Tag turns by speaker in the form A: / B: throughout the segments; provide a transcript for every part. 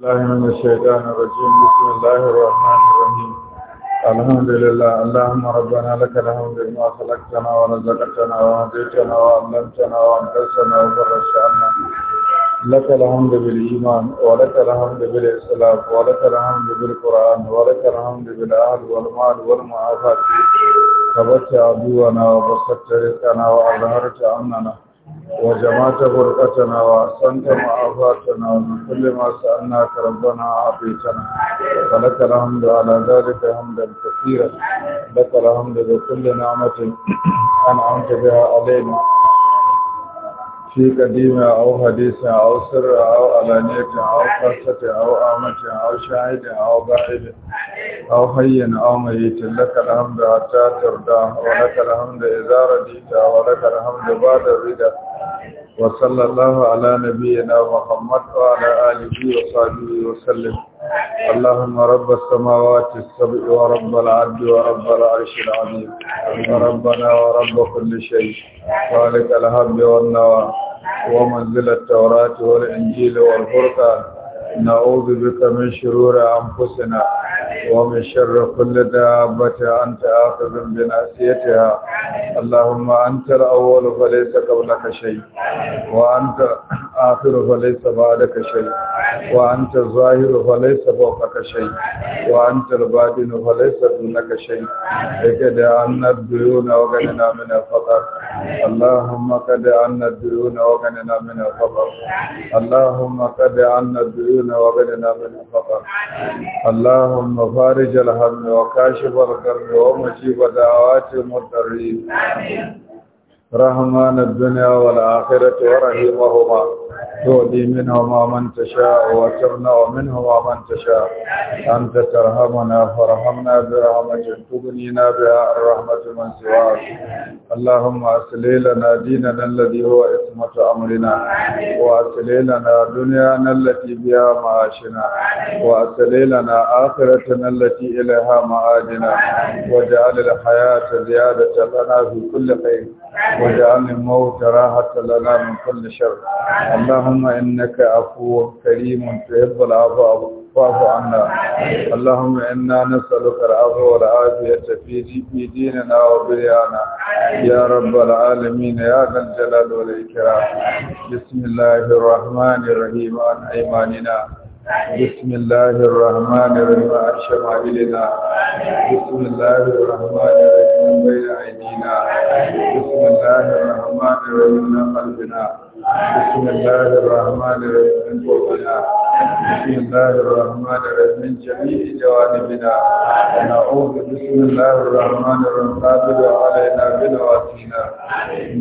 A: الله من الشيطان الرجيم بسم الله الرحمن الرحيم الحمد لله اللهم ربنا لك الحمد بما خلقتنا ورزقتنا وهديتنا وعلمتنا وانقذتنا وفرجت عنا لك الحمد بالإيمان ولك الحمد بالإسلام ولك الحمد بالقرآن ولك الحمد بالأهل والمال والمعافاة كبرت عدونا وبسطت رزقنا وأظهرت أمننا وجمعت غرفتنا وأحسنت معافاتنا ومن كل ما سألناك ربنا أعطيتنا فلك الحمد على ذلك حمدا كثيرا لك الحمد بكل نعمة أنعمت بها علينا في قديم أو حديث أو سر أو علانية أو خاصة أو آمة أو شاهد أو بعيد أو حي أو ميت لك الحمد حتى ترضى ولك الحمد إذا رديت ولك الحمد بعد الرضا وصلى الله على نبينا محمد وعلى آله وصحبه وسلم اللهم رب السماوات السبع ورب العبد ورب العرش العظيم
B: وربنا
A: ورب كل شيء خالق الهب والنوى ومنزل التوراة والإنجيل والفرقان نعوذ بك من شرور أنفسنا ومن شر كل دابة أنت آخذ بناسيتها اللهم أنت الأول فليس قبلك شيء وأنت آخر فليس بعدك شيء وأنت الظاهر فليس فوقك شيء وأنت الباطن فليس دونك شيء لقد عنا الديون وغننا من الفقر اللهم قد عنا الديون وغننا من الفقر اللهم قد عنا الديون همومنا وبدنا من الفقر اللهم فارج الهم وكاشف الكرب ومجيب دعوات المضطرين رحمان الدنيا والآخرة ورحيمهما تؤدي منهما من تشاء وتمنع منهما من تشاء أنت ترحمنا فرحمنا برحمة تغنينا بها الرحمة من سواك اللهم أسلي لنا ديننا الذي هو عصمة أمرنا وأسلي لنا دنيانا التي بها معاشنا وأسلي لنا آخرتنا التي إليها معادنا واجعل الحياة زيادة لنا في كل خير واجعل الموت راحة لنا من كل شر اللهم إنك عفو كريم تحب العفو واعف عنا اللهم إنا نسألك العفو والعافية في ديننا وبريانا يا رب العالمين يا ذا الجلال والإكرام بسم الله الرحمن الرحيم عن أيماننا
B: بسم
A: الله الرحمن الرحيم بسم الله الرحمن الرحيم بين أيدينا بسم الله الرحمن الرحيم من قلبنا بسم الله الرحمن الرحيم من قلوبنا بسم الله الرحمن الرحيم من جميع جوانبنا نعوذ بسم الله الرحمن الرحيم قابل علينا بنواتينا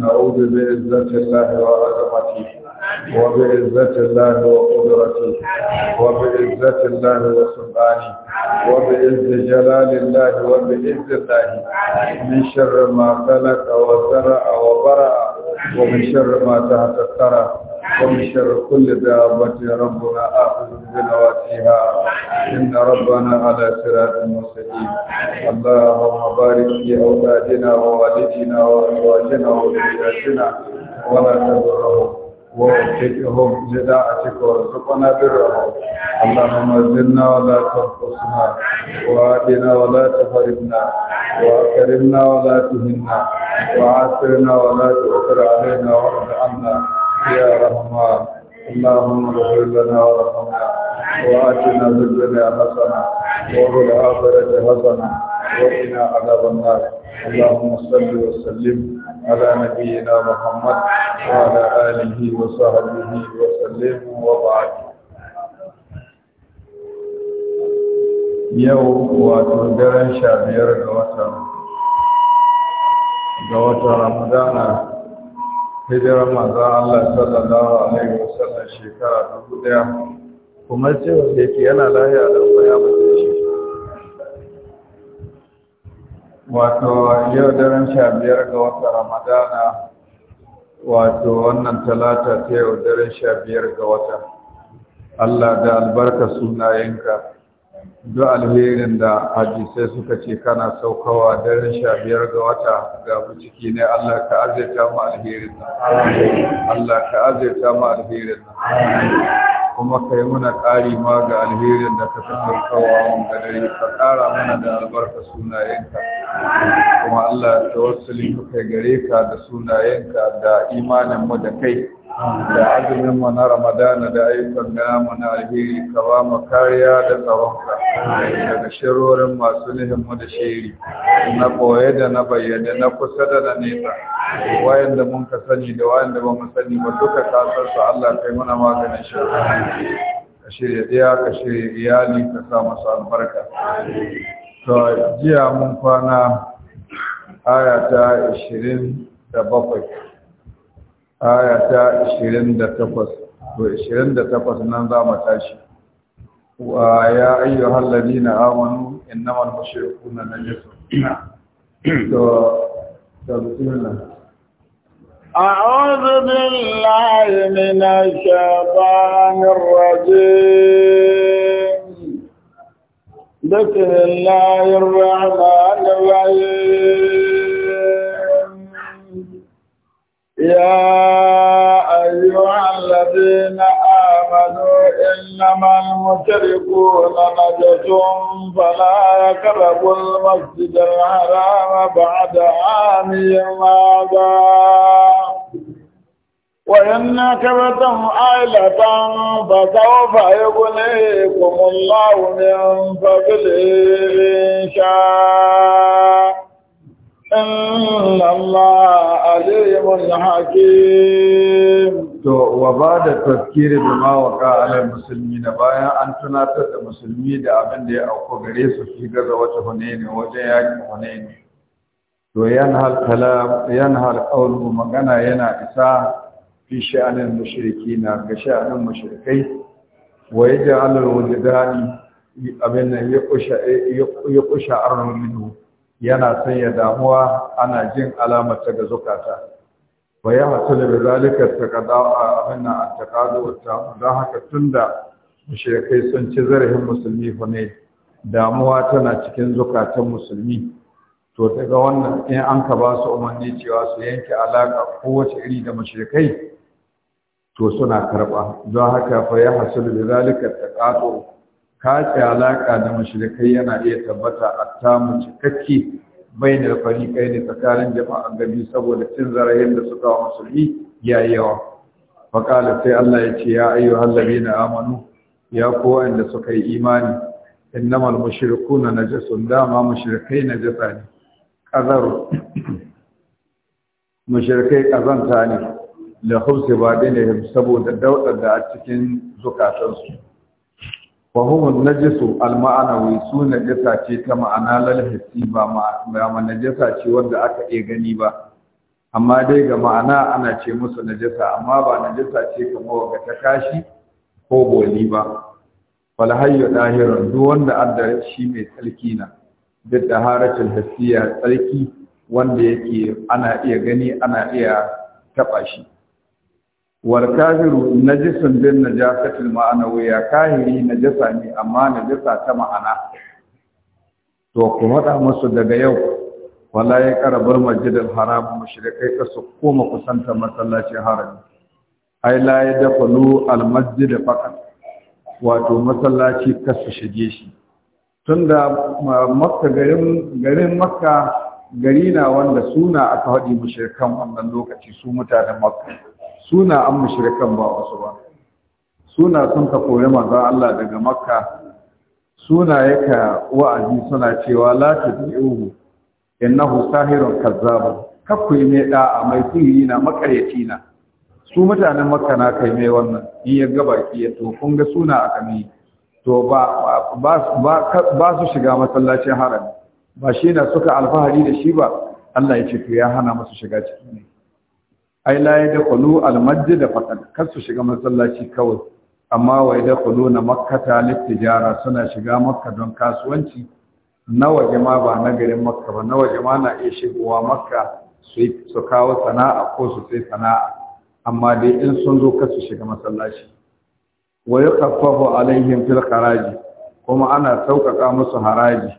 A: نعوذ بعزة الله وعظمته وبعزة الله وقدرته وبعزة الله وسلطانه وبعز جلال الله وبعز الله من شر ما خلق وزرع وبرع ومن شر ما تحت الثرى ومن شر كل دابة ربنا آخذ بنواتيها إن ربنا على صراط مستقيم اللهم بارك في أولادنا ووالدنا وأزواجنا وذرياتنا ولا تضرهم ووفقهم لداعتك وارزقنا برهم اللهم زدنا ولا تنقصنا وآتنا ولا تفرقنا وأكرمنا ولا تهنا وعافنا ولا تؤثر علينا وارض عنا يا رحمن اللهم اغفر لنا وارحمنا
C: وآتنا في الدنيا حسنة وفي
A: الآخرة حسنة وقنا عذاب النار اللهم صل وسلم على نبينا محمد وعلى آله وصحبه وسلم وبعد يوم وتدرن شابير غوثر غوثر رمضان hijirar maza Allah sallallahu Alaihi wasallam shekara dubu daya kuma ce wanda yake yana lahiya da kuma ya mace shi
B: wato yau daren sha biyar
A: ga wata ramadana wato wannan talata ta yau daren sha biyar ga wata
B: allah da albarka
A: sunayenka duk alherin da hadisai suka ce kana saukawa daren sha biyar ga wata ga ciki ne Allah ka azaita mu alherin Allah ka azaita mu alherin kuma ka yi muna ƙari ma ga alherin da ka saukawa wanda dare ka ƙara mana da albarka sunayenka kuma Allah tawassuli wasu gare ka da sunayenka da imanin mu da kai da azumin mu na Ramadana da ayyukan namu na alheri ka ba mu kariya da tsaronka daga shirorin masu nihin mu da shiri na boye da na bayyana na kusa da na nesa wayanda mun ka sani da wayanda ba mu sani ba duka kasar su Allah kai mana maganin shirin ka shirya ɗaya ka shirya iyali ka sa masu albarka to jiya mun kwana aya ta 27 aya ta 28 to 28 nan za mu tashi wa ya ayyuhal ladina amanu innamal mushrikuuna najasun to to bismillah
C: أعوذ بالله من الشيطان الرجيم بسم الله الرحمن الرحيم يا أيها الذين آمنوا إنما المشركون نجس فلا يقربوا المسجد الحرام بعد عامهم هذا وإن كبتم عائلة فسوف يغنيكم الله من فضله إن شاء إن الله عليم
A: حكيم to wa ba da tafkiri da mawaka alal musulmi na bayan an tunatar da musulmi da abinda ya auko gare su fi gaza wata hunaini wajen yakin hunaini to yan hal magana yana isa fi sha'anin mashirki na ga sha'anin mashirkai
C: wa ya ji halar wajen
A: dani abin nan ya kusha arnon ido yana sanya damuwa ana jin alamata ga zukata wa ya hasala da zalika a abin nan a takado ta don haka tunda mashirkai sun ci zarafin musulmi fa ne damuwa tana cikin zukatan musulmi to daga wannan in an ka ba su umarni cewa su yanke alaƙa kowace iri da mashirkai to suna karɓa. don haka fa ya hasulu da zalika taqatu kace alaka da mushrikai yana iya tabbata a attamu cikakke bayin da fariqai ne tsakanin jama'a gabi saboda cin zarahin da suka wa musulmi yayi yawa fa sai Allah ya ce ya ayyuhal na amanu ya ko wanda suka yi imani innamal mushrikuna najasun dama mushrikai najasa ne ƙazar mushrikai kazanta ne da hausa ba ne saboda daudar da a cikin zukatansu wa hum najisu alma'ana wai su najasa ce ta ma'ana lalhasi ba ma najasa ce wanda aka iya gani ba amma dai ga ma'ana ana ce musu najasa amma ba najasa ce kamar ga ta kashi ko boli ba falhayyo hayyu duk wanda da shi mai tsarki na da taharatul hasiya tsarki wanda yake ana iya gani ana iya taɓa shi wal kafiru najisun bin najasatil ma'anawiyya kahiri najasa ne amma najasa ta ma'ana to ku faɗa musu daga yau wala ya karabar masjidil haram mushrikai ka su koma kusantar masallacin harami ai la ya dafalu al masjid faqat wato masallaci ka su shige shi tunda makka garin makka gari na wanda suna aka haɗi mushrikan wannan lokaci su mutanen makka suna an mushrikan ba wasu ba suna sun ka kore manzon Allah daga makka suna yaka wa'azi suna cewa la tad'uhu innahu sahirun kazzab kakku yi mai a mai sihiri na makaryaci na su mutanen makka na kai mai wannan in ya ga baki ya to kun ga suna aka ne to ba su shiga masallacin haram ba shi na suka alfahari da shi ba Allah ya ce to ya hana masu shiga ciki ne ai da kulu, al da faqat kar su shiga masallaci kawai amma wa yadkhuluna makkata lit-tijara suna shiga makka don kasuwanci na waje ma ba na garin makka ba na waje ma na iya shigowa makka su kawo sana'a ko su sai sana'a amma dai in sun zo kasu su shiga masallaci wa yukhaffafu alaihim fil haraji kuma ana sauƙaƙa musu haraji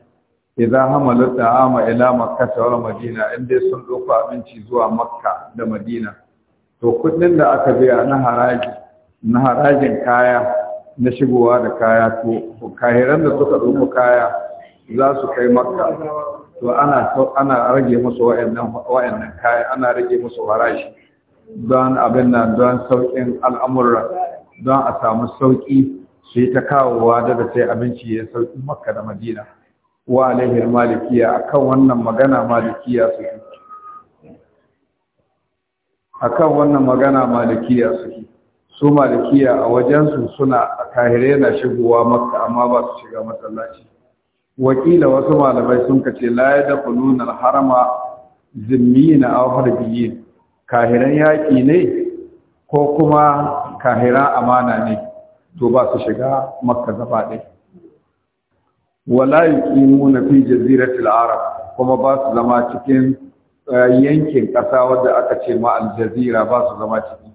A: Idan hamalu ta'ama ila ta wala madina in sun dauko abinci zuwa makka da madina to kudin da aka biya na haraji na harajin kaya na shigowa da kaya to kahiran da suka dauko kaya za su kai makka to ana ana rage musu wayannan wayannan kaya ana rage musu haraji don abin nan don sauƙin al'amura, don a samu sauki su yi ta kawowa daga sai abinci ya sauƙi makka da madina wa alaihi malikiya akan wannan magana malikiya suke akan wannan magana malikiya suke su malikiya a wajensu suna kahire na shigowa makka amma ba su shiga masallaci wakila wasu malamai sun kace la ya harma al-harama zimmina aw harbiyin kahiran yaki ne ko kuma kahiran amana ne to ba su shiga makka gaba ɗaya wala na fi jaziratil arab kuma ba su zama cikin eh, yankin ƙasa wadda aka ce ma aljazira ba su zama ciki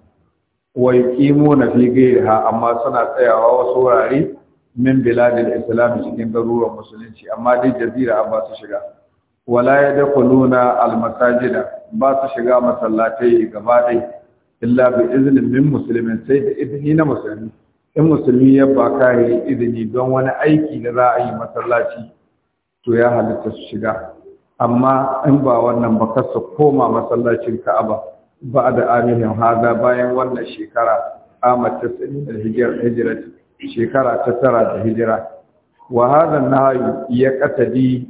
A: wa na fi ghayriha amma suna tsayawa wasu wurare min biladil islam cikin garuruwan musulunci amma dai jazira ba su shiga wala yadkhuluna almasajida ba su shiga masallatai gaba dai illa bi iznin min muslimin sai da izini na musulmi in musulmi ya ba kare izini don wani aiki da za a yi masallaci to ya halitta su shiga amma in ba wannan ba kasa koma masallacin ka'aba ba da aminin haza bayan wannan shekara a ta da hijira shekara ta tara da hijira wa na nahyu ya katadi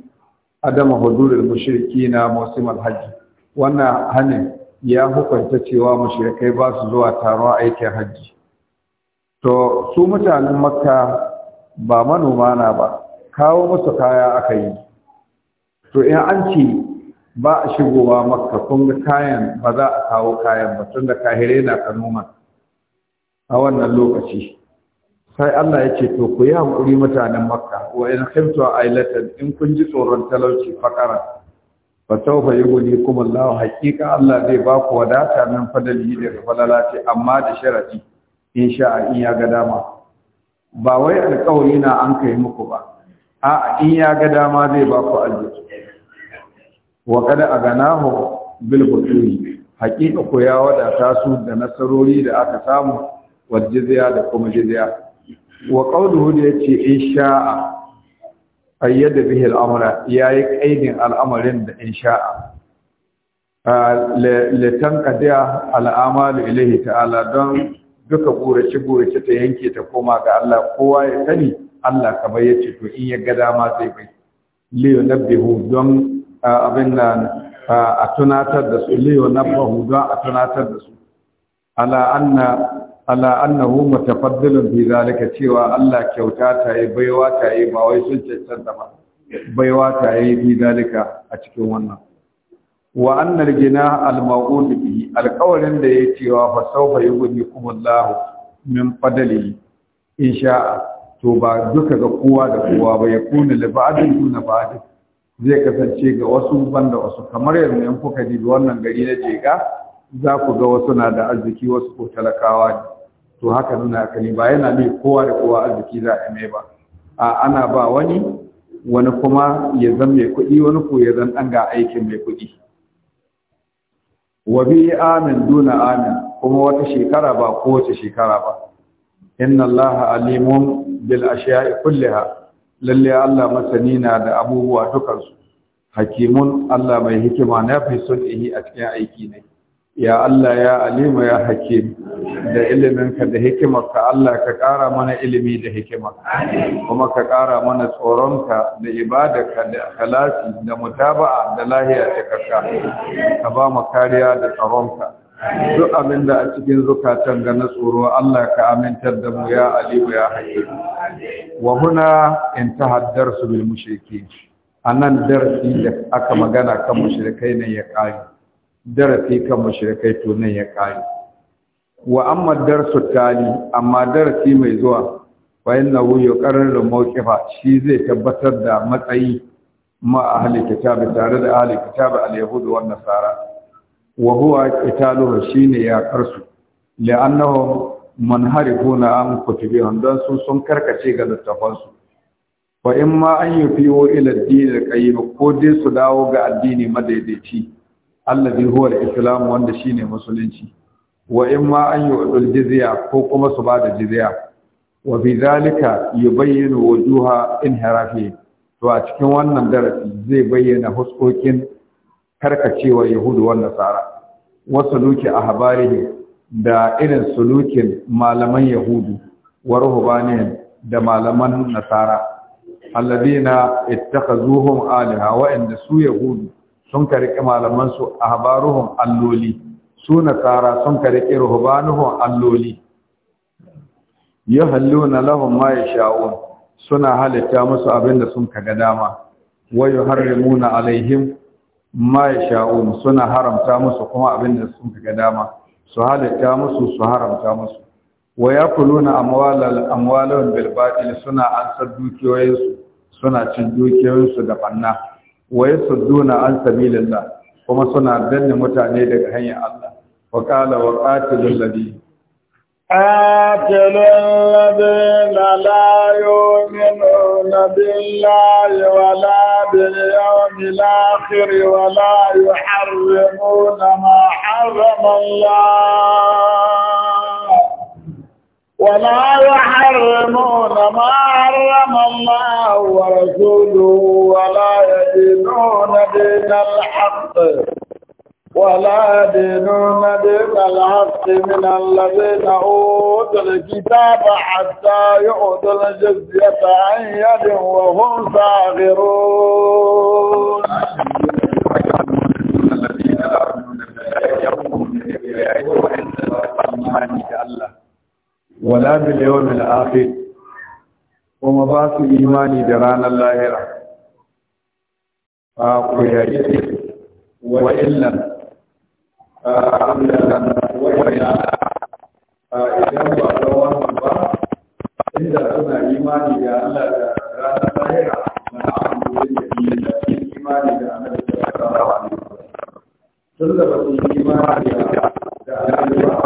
A: adama hudurul mushrikina musim alhajj wannan hanin ya hukunta cewa mushrikai ba su zuwa taron aikin hajji to su mutanen makka ba manoma na ba kawo musu kaya aka yi to in an ce ba a shigowa makka kun ga kayan ba za a kawo kayan ba tunda kahire na ka noma a wannan lokaci sai Allah ya ce to ku yi hankuri mutanen makka wa in khiftu ailatan in kun ji tsoron talauci fakara fa sawfa kuma, kuma Allah haƙiƙa Allah zai ba ku wadata min fadali daga falalati amma da sharadi in sha'a in ya ga dama ba wai alkawari na an kai muku ba a'a in ya ga dama zai ba ku arziki wa kada aganahu bil haƙiƙa ko ya wadata su da nasarori da aka samu wa jizya da kuma jizya wa qawluhu da yace in sha'a ayyada bihi al'amra yayi kaidin al'amarin da in sha'a litan qadiya al'amalu ilahi ta'ala don duka gurace gurace ta yanke ta koma ga Allah kowa ya sani Allah kamar yace to in ya ga dama zai bai liyo nabbihu don abin nan a tunatar da su liyo nabbahu don a tunatar da su ala anna ala annahu mutafaddilun bi zalika cewa Allah kyauta ta yi baiwa ta yi ba wai sun cancanta ba baiwa ta yi bi zalika a cikin wannan wa annal gina al-maqul bi alqawlin da yake cewa fa sawfa yughnikumullahu min fadlihi insha to ba duka ga kowa da kowa ba ya kuna libadin kuna ba'd zai kasance ga wasu banda wasu kamar yanzu in kuka ji wannan gari na jega za ku ga wasu na da arziki wasu ko talakawa ne to haka nuna kani ba yana ne kowa da kowa arziki za a mai ba a ana ba wani wani kuma ya zan mai kuɗi wani ko ya zan ɗan ga aikin mai kuɗi wa bi amin duna amin kuma wata shekara ba kowace shekara ba inna allaha alimun bil ashiya'i kulliha lalle Allah masani na da abubuwa dukansu hakimun Allah mai hikima na fi sun ihi a cikin aiki ne ya Allah ya alimu ya hakim da iliminka da Ka Allah ka ƙara mana ilimi da hikima kuma ka ƙara mana tsoronka da ibadaka da kalafi da mutaba'a da lahiya ta karka ka ba mu kariya da tsoronka! duk abin da a cikin zukatan ga na tsoro Allah ka amintar da mu ya alimu
B: ya hakim wa
A: huna intahad su bil mushrikin anan darsi da aka magana kan mushrikai ne ya kare darasi kan mushrikai to nan ya kare wa amma darsu tali amma darasi mai zuwa wa innahu yuqarriru mawqifa shi zai tabbatar da matsayi ma ahli kitabi tare da ahli a al-yahud wa nasara wa huwa qitaluhu shine ya karsu li'annahum manharifuna an kutubihum dan sun sun karkace ga littafansu wa in ma an yufiwo ila ad-din al-qayyim ko dai su dawo ga addini madaidaici allazi huwa al-islam wanda shine musulunci wa in ma an yu'dul jizya ko kuma su bada jizya wa bi zalika yubayyinu wujuha inhirafi to a cikin wannan darasi zai bayyana huskokin karkacewa yahudu wa nasara wa suluki ahbarihi da irin sulukin malaman yahudu wa ruhbanihim da malaman nasara alladina ittakhazuhum alaha wa inda su yahudu sun ka riƙe malamansu a habaruhun alloli su nasara sun ka riƙe ruhubanuhun alloli Yi hallo na lahun maye ya sha'un suna halitta musu abin da sun ka ga dama wayo na alaihim Maye ya sha'un suna haramta musu kuma abin da sun ka ga dama su halitta musu su haramta musu wa ya kuluna amwalahum bil batil suna ansar dukiyoyinsu suna cin dukiyoyinsu da banna wa yasudduna an sabilillah kuma suna danne mutane daga hanyar Allah wa qala wa qatilul ladhi
C: qatilul ladhi la yu'minuna billahi wa la bil yawmil akhir wa la yuharrimuna ma harrama Allah ولا يحرمون ما حرم الله ورسوله ولا يدينون دين الحق ولا يدينون دين الحق من الذين اوتوا الكتاب حتى يؤتوا الجزية عن يد وهم صاغرون
B: الذين آمنوا بالله الله
A: ولا باليوم الآخر ومضاف إيماني دران اللاهرة فأقو يا إذن وإلا فأعمل لنا وإلا
B: فإذن وأدوان الله إذا كنا إيماني دران اللاهرة من أعمل لنا إيماني دران اللاهرة صلى الله عليه وسلم صلى الله عليه وسلم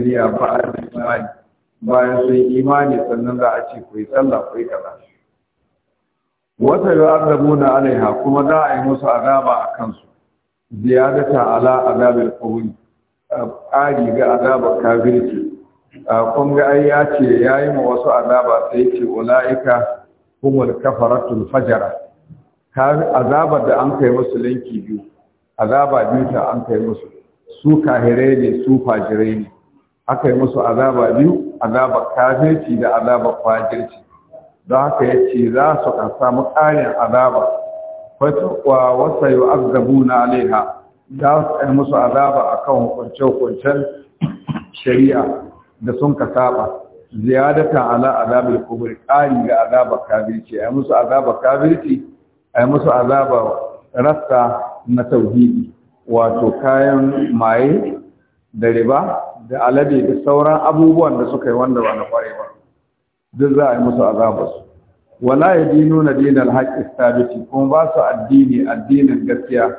A: shari'a ba a imani bayan sun imani sannan za a ce ku yi sallah ku yi kaza wata yi na alaiha kuma za a yi musu azaba a kansu ziyadata ala azabil qabri ƙari ga azabar kafirci kun ga ai ya ce ya yi ma wasu azaba sai ce ula'ika humul kafaratul fajara azabar da an kai musu linki biyu azaba biyu ta an kai musu su kahirai ne su fajirai ne aka yi musu azaba biyu azaba kafirci da azaba fajirci don haka ya ce za su kan samu ƙarin azaba wa wasa yi azabu na alaiha za su kai musu azaba a kan hukunce-hukuncen shari'a da sun ka saba ziyadatan ala azabar kubur ƙari ga azaba kafirci a yi musu azaba kafirci a yi musu azaba rasta na tauhidi wato kayan maye da riba da alade da sauran abubuwan da suka yi wanda ba na kware ba duk za a yi musu azabarsu wala ya dino na dinar haƙƙi sabiti kuma ba su addini addinin gaskiya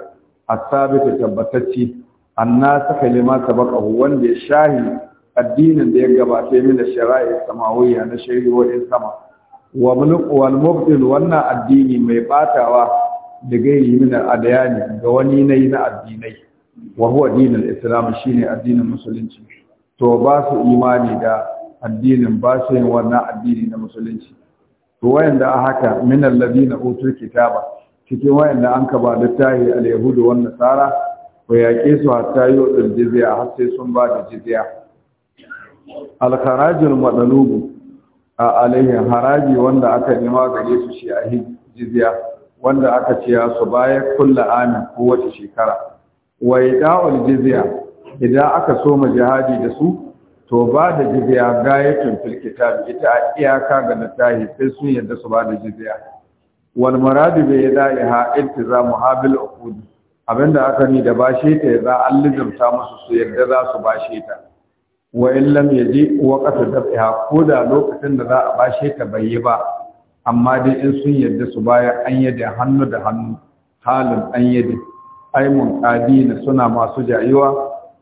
A: a sabiti tabbatacci anna saka lima baka wanda ya shahi addinin da ya gabata yi da shari'a samawiyya na shari'o'in sama wa wal mubdil wannan addini mai batawa da gairi mina adayani ga wani nayi na addinai wa huwa dinul islam shine addinin musulunci to ba su imani da addinin ba su yin wannan addini na musulunci to wayanda a haka min alladhina utu kitaba cikin wayanda an ka ba littahi al-yahudu wan nasara ko yaƙe su hatta yi wadda jizya har sun ba da jizya al a alaihin haraji wanda aka nima gare su shi a jizya wanda aka ciya su baya kullu amin ko wata shekara wa ida'ul jizya idan aka soma jihadi da su to ba da jizya gayatun fil kitab ita iyaka ga littafi sai sun yadda su ba da jizya wal maradu bi ida'iha iltizamu habil uqud abinda aka ni da bashe ta za an lizumta musu su yadda za su bashe ta wa in lam yaji waqta dafiha ko da lokacin da za a bashe ta bai yi ba amma dai in sun yadda su baya an yadda hannu da hannu halin an yadda ai munqadin suna masu jayuwa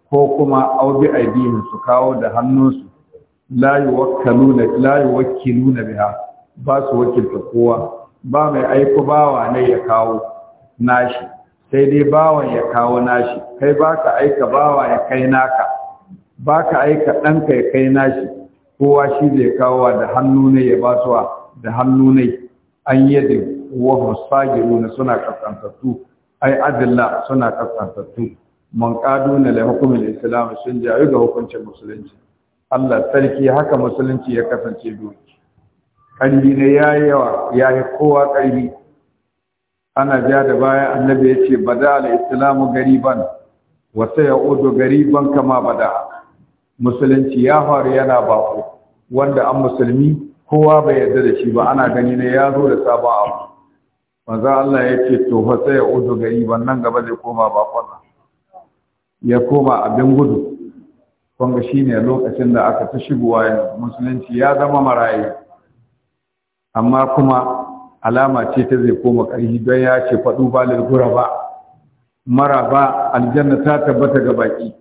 A: ko kuma aubi aidihim su kawo da hannunsu la yuwakkaluna la yuwakkiluna biha ba su wakilta kowa ba mai aiko bawa ne ya kawo nashi sai dai bawan ya kawo nashi kai ba ka aika bawa ya kai naka Ba ka aika ɗanka ya kai nashi kowa shi zai kawo da hannu ne ya basuwa da hannu ne an yadda wa musagiruna suna kaskantattu ai adilla suna kaskantattu man kadu ne le hukumin islam sun jayu ga hukuncin musulunci Allah sarki haka musulunci ya kasance doki ƙarfi ne ya yi yawa ya yi kowa ana ja da baya annabi ya ce bada al-islamu gariban wa sayaudu gariban kama bada musulunci ya faru yana bako wanda an musulmi kowa bai yarda da shi ba ana gani ne ya zo da sabon abu maza Allah ya ce to fa sai ya udu gari wannan gaba zai koma bakon nan ya koma abin gudu shi shine lokacin da aka ta shigowa musulunci ya zama maraye amma kuma alama ce ta zai koma ƙarfi don ya ce faɗu ba lalgura ba mara ba aljanna ta tabbata ga baki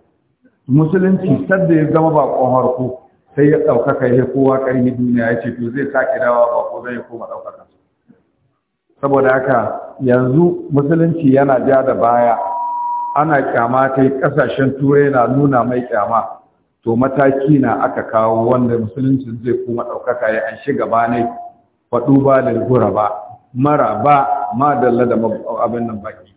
A: musulunci sadda ya zama bakon ku sai ya ɗaukaka ya kowa ƙarfi duniya ya ce to zai sake dawa ko zai koma ɗaukaka saboda haka yanzu musulunci yana ja da baya ana kyama ta kasashen turai na nuna mai kyama to mataki na aka kawo wanda musulunci zai kuma ɗaukaka ya an shiga ba ne faɗu ba da gura ba mara ba ma dalla da abin nan baki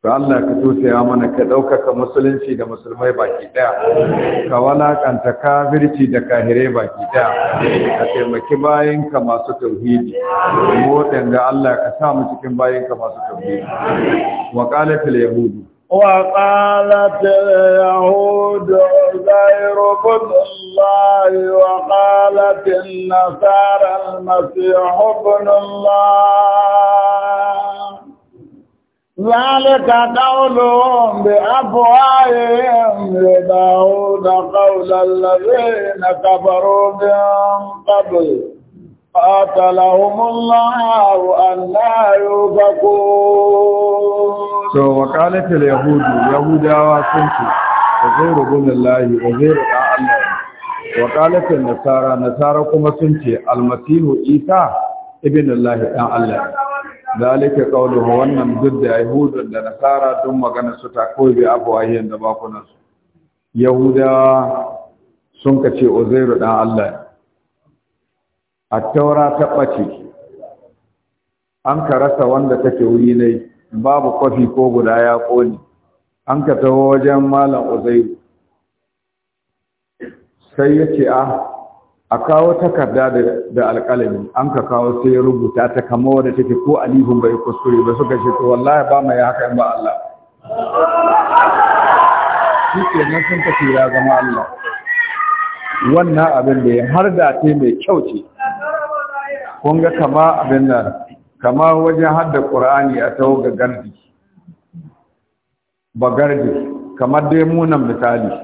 A: ba Allah ka tosaya mana ka ɗaukaka musulunci da musulmai baki
B: ɗaya
A: ka walakanta kafirci da kahirai baki ɗaya ka taimaki bayinka masu tauhidi mu da Allah ka sa mu cikin bayinka masu tauhidi wa qalatil yahudu
C: وقالت اليهود عزير بن الله وقالت nasarar masu ذلك قولهم بأفواههم لداود قول الذين كفروا من قبل قاتلهم الله أن لا يوفكون
A: so وقالت اليهود يا وسنتي وزير بن الله وزير الله وقالت النصارى نصارى كما سنتي المسيح عيسى ابن الله أعلم zalika qawluhu wannan duk da yahudun da nasara don magana su ta koyi bi abu ayyan da bakunan su yahuda sun kace uzairu dan Allah at-taura ta bace an ka rasa wanda take wuri ne babu kwafi ko guda ya kone an ka taho wajen malam uzairu sai yace a ah, a kawo takarda da alƙalami an ka kawo sai ya rubuta ta kama wadda take ko alihun bai kuskure ba suka ce to wallahi ba mai haka in ba Allah shi ke nan sun tafi ya zama Allah wannan abin da ya har da te mai kyau ce kun ga kama abin nan kama wajen hadda ƙur'ani a tawo ga gardi ba gardi kamar dai munan misali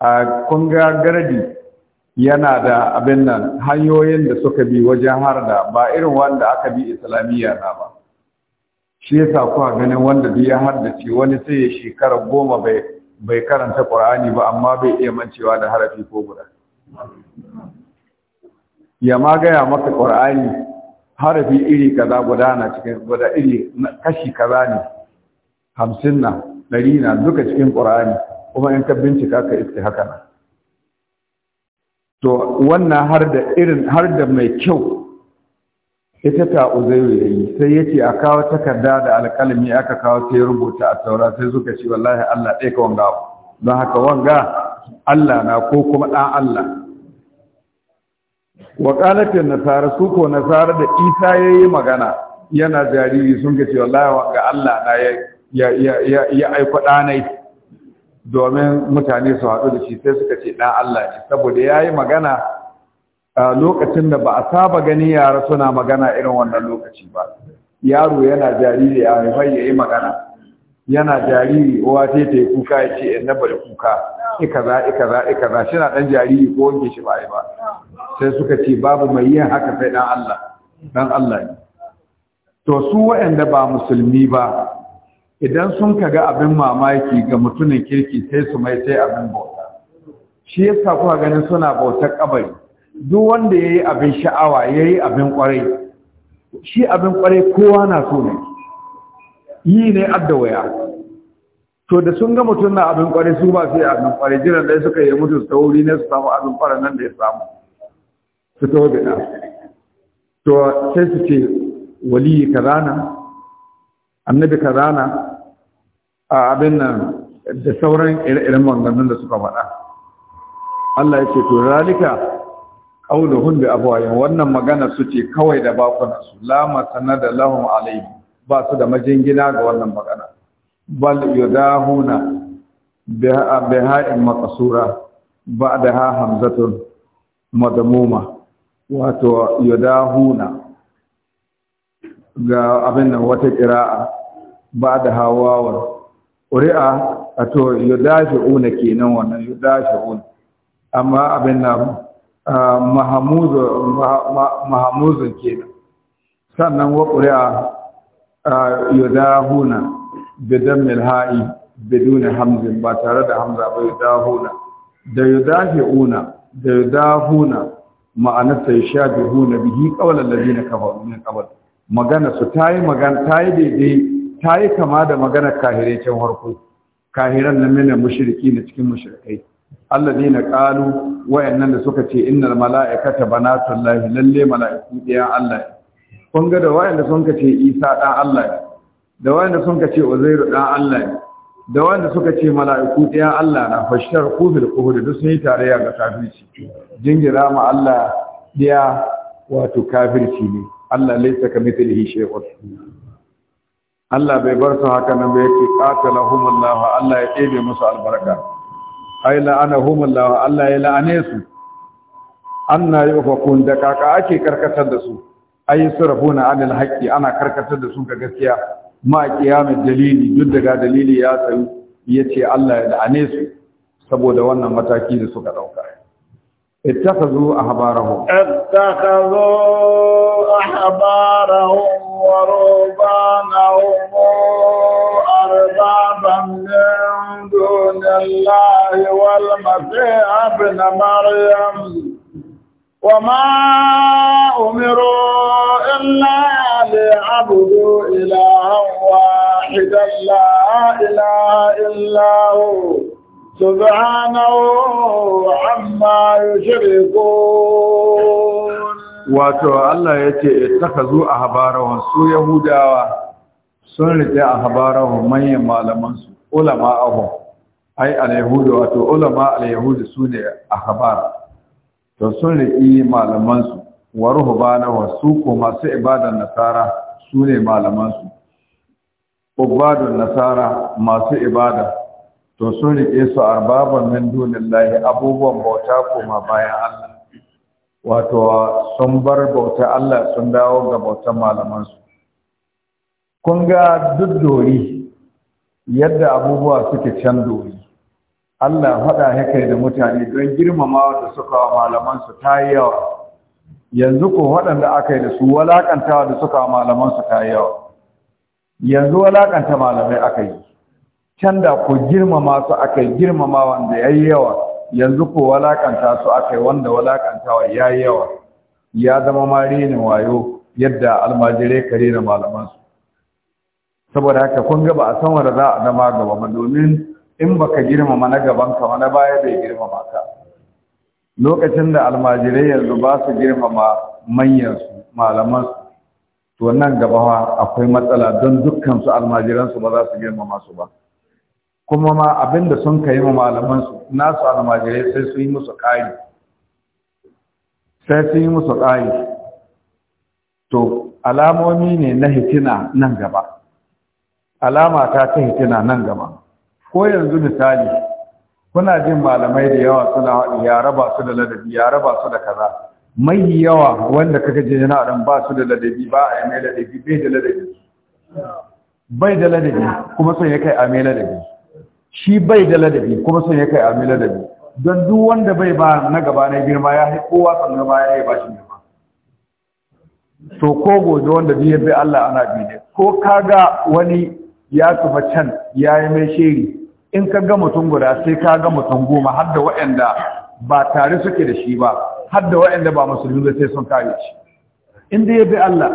A: a kun ga gardi yana da abin nan hanyoyin da suka bi wajen harda ba irin wanda aka bi islamiyya na ba shi yasa kuwa ganin wanda duk ya hardace wani sai ya shekara goma bai karanta qur'ani ba amma bai iya mancewa da harafi ko guda ya ma gaya maka qur'ani harafi iri kaza guda na cikin guda iri kashi kaza ne hamsin na ɗari na duka cikin qur'ani kuma in ka bincika ka iske haka na to wannan har da irin har da mai kyau ita ta uzairu yayi sai yace a kawo takarda da alƙalami aka kawo sai rubuta a saura, sai suka ce wallahi Allah ɗaya ka wanga don haka wanga Allah na ko kuma ɗan Allah wa nasara su ko nasara da Isa yayi magana yana jariri sun ce wallahi wanga Allah na ya ya ya, ya, ya aiko ɗanai domin mutane su haɗu da shi sai suka ce ɗan Allah ne saboda ya yi magana a lokacin da ba a saba gani yara suna magana irin wannan lokaci ba yaro yana jariri a haifar ya yi magana yana jariri uwa ce ta yi kuka ya ce yan na bari kuka ikaza ikaza ikaza shi na ɗan jariri ko wanke shi ba yi ba sai suka ce babu mai yin haka sai ɗan Allah ɗan ne to su waɗanda ba musulmi ba idan sun kaga abin mamaki ga mutumin kirki sai su mai sai abin bauta shi yasa kuka ganin suna bautar kabari duk wanda yayi abin sha'awa yayi abin kwarai shi abin kwarai kowa na so ne yi ne adda waya to da sun ga mutum na abin kwarai su ba sai abin kwarai jiran dai suka yi mutu ta wuri ne su samu abin kwarai nan da ya samu su ta wabi na to sai su ce waliyi kazana annabi kazana a abin nan da sauran ire-iren da suka faɗa Allah ya ce to zalika qauluhum bi afwahin wannan magana su ce kawai da bakunan su la da lahum alayhi ba su da majingina ga wannan magana bal yudahuna biha in maqsura ha hamzatun madmuma wato yudahuna ga abin nan wata qira'a ba'da hawawun ƙuri'a a to ke kenan wannan una amma abin na mahamuzun nan sannan wa ƙuri'a una bidan milha'i biduna hamzin ba tare da hamza ba una da una da yudahuna ma'anarsa yi sha na bihi kawalar lalina kafa magana su ta yi magana ta yi daidai ta yi kama da maganar kahirai can harko kahiran na mina mushriki na cikin mushrikai ne na qalu wayannan da suka ce innal mala'ikata banatullahi lalle mala'iku ɗayan Allah kun ga da wayanda sun ka ce Isa ɗan Allah ne, da wayanda sun ka ce Uzairu ɗan Allah ne, da wayanda suka ce mala'iku ɗayan Allah na fashtar kufir kuhuri duk sun yi tarayya ga kafirci jingira ma Allah ɗaya wato kafirci ne Allah laisa ka mitilihi shekwa Allah bai bar su haka nan bai ce qatalahumullahu Allah ya ɗebe musu albarka ai la'anahumullahu Allah ya la'ane su anna yufakun da kaka ake karkatar da su ai surafuna anil haqqi ana karkatar da su ga gaskiya ma qiyamul dalili duk daga dalili ya tsayu yace Allah ya la'ane su saboda wannan mataki da suka dauka اتخذوا احبارهم
C: اتخذوا احبارهم ورهبانهم أربابا من دون الله والمسيح ابن مريم وما أمروا إلا ليعبدوا إلها واحدا لا إله إلا هو سبحانه عما يشركون
A: wato Allah ya ce a ahbarahum su yahudawa sun rike ahbarahum manyan malaman su ulama abu ai al-yahudu wato ulama al-yahudu a habar? to sun rike malaman su wa ruhbanahu su ko masu ibadan nasara su malaman su ubadun nasara masu ibada to sun rike su arbaban min dunillahi abubuwan bauta kuma bayan Allah wato sun bar bauta Allah sun dawo ga bautan malamansu kun ga duk dori yadda abubuwa suke can dori Allah faɗa haka da mutane don girmamawa da suka wa malamansu ta yi yawa yanzu ko waɗanda aka yi da su walakanta da suka wa malamansu ta yi yawa yanzu walakanta malamai aka yi can da ku girmama su aka yi girmama wanda ya yi yawa yanzu ko walakanta su aka yi wanda walakantawa ya yi yawa ya zama ma ne wayo yadda almajirai kare na malamansu saboda haka kun ga ba a san wanda za a zama gaba ba domin in baka girmama na gaban ka na baya bai girmama ka lokacin da almajirai yanzu ba su girmama malaman su, to nan gaba akwai matsala don dukkan su almajiransu ba za su girmama su ba kuma ma abinda sun kai ma malaman su nasu almajirai sai su yi musu ƙari sai su yi musu ƙari to alamomi ne na hitina nan gaba alama ta ta hitina nan gaba ko yanzu misali kuna jin malamai da yawa suna haɗu, ya raba su da ladabi ya raba su da kaza mai yawa wanda kaka je yana ɗan ba su da ladabi ba a yi mai ladabi bai da ladabi bai da ladabi kuma sai ya kai a mai ladabi shi bai da ladabi kuma sun ya kai ami ladabi don duk wanda bai ba na gaba na girma ya haiko kowa sannan ba ya yi ba shi girma to ko gobe wanda duk bai Allah ana bi ne ko kaga wani ya tuba can ya yi mai shiri in ka ga mutum guda sai ka ga mutum goma har da ba tare suke da shi ba har da waɗanda ba musulmi ba sai sun kare shi in dai ya bi Allah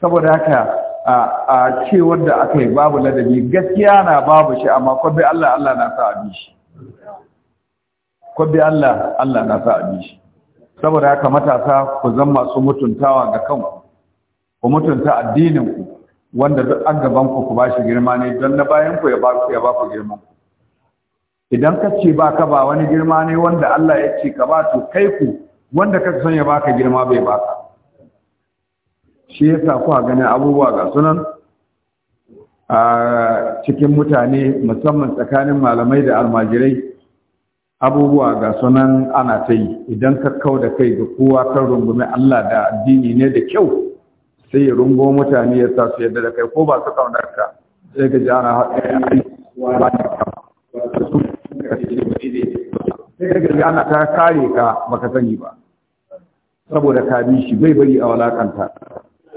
A: saboda haka a ce da aka yi babu ladabi gaskiya na babu shi amma kwabbi Allah Allah na sa abi shi kwabbi Allah Allah na sa abi shi saboda haka matasa ku zan masu mutuntawa ga kanku ku mutunta addininku wanda duk an gaban ku ku bashi girma ne don na bayan ku ya ba ku ku girma idan ka ce ba ka ba wani girma ne wanda Allah ya ce ka ba to kai ku wanda ka son ya baka girma bai baka shi ya yasa kuwa ganin abubuwa ga sunan a cikin mutane musamman tsakanin malamai da almajirai abubuwa ga sunan ana ta yi idan ka kau da kai ga kowa kan rungumi Allah da addini ne da kyau sai ya rungo mutane ya sa su yadda da kai ko ba su kaunar ka sai ga ji ana sai ana ta kare ka baka sani ba saboda ka bi shi bai bari a walakanta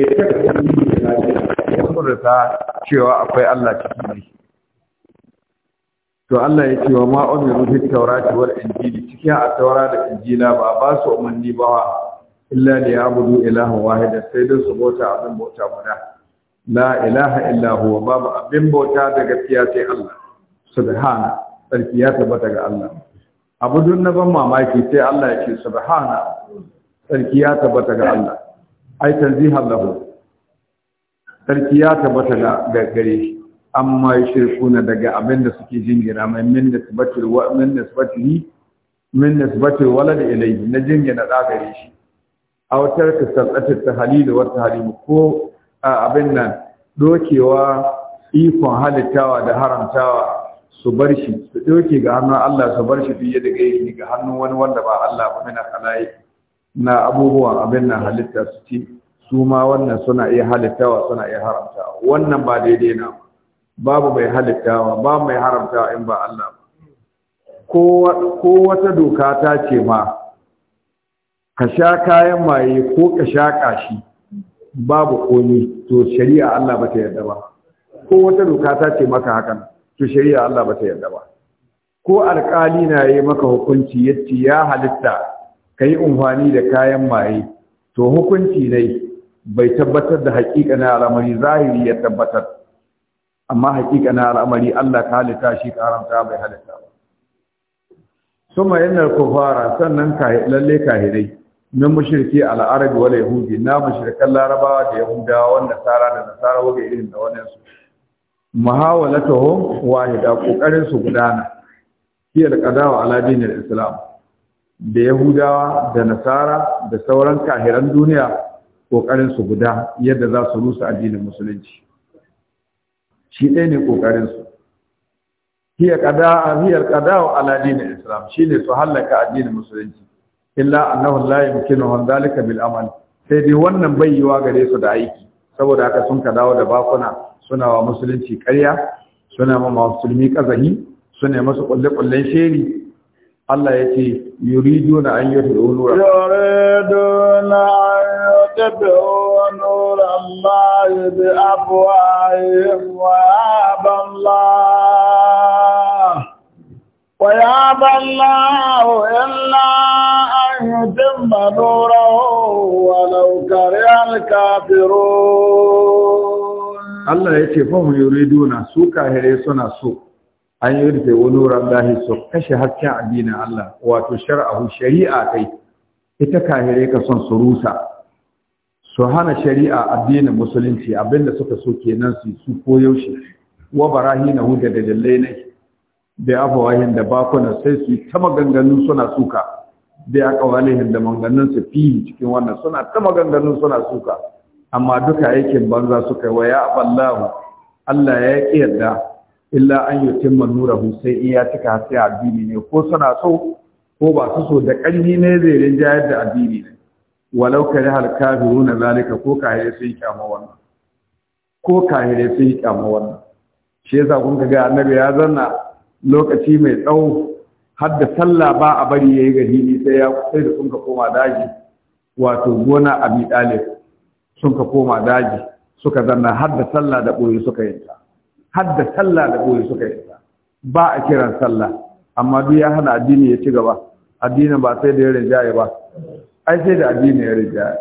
A: ya cewa akwai Allah cikin mai to Allah ya ce wa ma umiru fi tawrati wal injili cikin at-taura da injila ba ba su umanni ba illa li yabudu ilahan wahida sai dai su bauta abin bauta guda la ilaha illa huwa babu abin bauta da gaskiya sai Allah subhana sarki ya tabbata ga Allah abudun na ban mamaki sai Allah ya ce subhana sarki ya tabbata ga Allah ai tanzihan lahu sarki ya tabbata ga gare shi amma ya shirkuna daga abin da suke jingira mai min nisbatul wa min nisbatihi min nisbatul walad ilayhi na jingina da gare shi aw tarka sarqatul tahlil wa tahrim ko abin nan dokewa ikon halittawa da haramtawa su bar shi su doke ga hannun Allah su bar shi fiye da gairi ga hannun wani wanda ba Allah ba mina kalaiki na abubuwan abin nan halitta su ci su ma wannan suna iya halittawa suna iya haramtawa wannan ba daidai na babu mai halittawa ba mai haramtawa in ba Allah ba ko wata doka ta ce ma ka sha kayan maye ko ka sha kashi babu komi to shari'a Allah ba ta yarda ba ko wata doka ta ce maka hakan to shari'a Allah ba ta yarda ba ko alƙali na yi maka hukunci yace ya halitta ka yi umfani da kayan maye to hukunci ne bai tabbatar da haƙiƙa na al'amari zahiri ya tabbatar amma haƙiƙa na al'amari Allah ka halitta shi karanta bai halitta ba suma yanar kufara sannan lalle kahirai na mushirki al'arabi wal yahudi na mushirkan larabawa da yahuda wanda tsara da nasara waga irin da wannan su muhawalatuhum wahida kokarin su gudana hiya al-qada ala dinil islam da yahudawa da nasara da sauran kahiran duniya ƙoƙarin su guda yadda za su rusa addinin musulunci shi ɗaya ne ƙoƙarin su hiya qada'a hiya qada'u wa islam shine su halaka addinin musulunci illa annahu la yumkinuhum dhalika bil amal sai dai wannan bayyawa gare su da aiki saboda haka sun kadawo da bakuna suna wa musulunci ƙarya suna ma musulmi kazahi suna masu kulle kullen sheri Allah ya ce yuriduna an yudhu nura yuriduna an
C: yudhu nura Allah bi afwahihim wa aballah wa aballah illa an yutimma nurahu wa law kariha
A: Allah ya ce fa yuriduna su kahire suna so an yi rufe wani lahi su kashe hasken addinin Allah wato shar'ahu shari'a kai ita kahirai ka son su rusa su hana shari'a addinin musulunci abinda suka so kenan su su koyaushe wa barahi na huda da dalilai ne da afawahin da bakuna sai su ta maganganun suna suka da akawalihin da manganun su fi cikin wannan suna ta maganganun suna suka amma duka aikin banza suka yi wa ya Allah ya yarda illa an yi yutimma nura sai in ya cika haske addini ne ko suna so ko ba su so da ƙanni ne zai rinja da addini ne walau kare hal kafiruna zalika ko kahire sun kyama wannan ko kahire sun kyama wannan shi yasa kun ga annabi ya zanna lokaci mai tsawo har da sallah ba a bari yayi gahili sai ya sai da sun ka koma daji wato gona abi ɗalib sun ka koma daji suka zanna har da sallah da boye suka ta? har da sallah da goyi suka yi ba a kiran sallah amma duk ya hana addini ya ci gaba addinin ba sai da ya rinjaye ba ai sai da addini ya rinjaye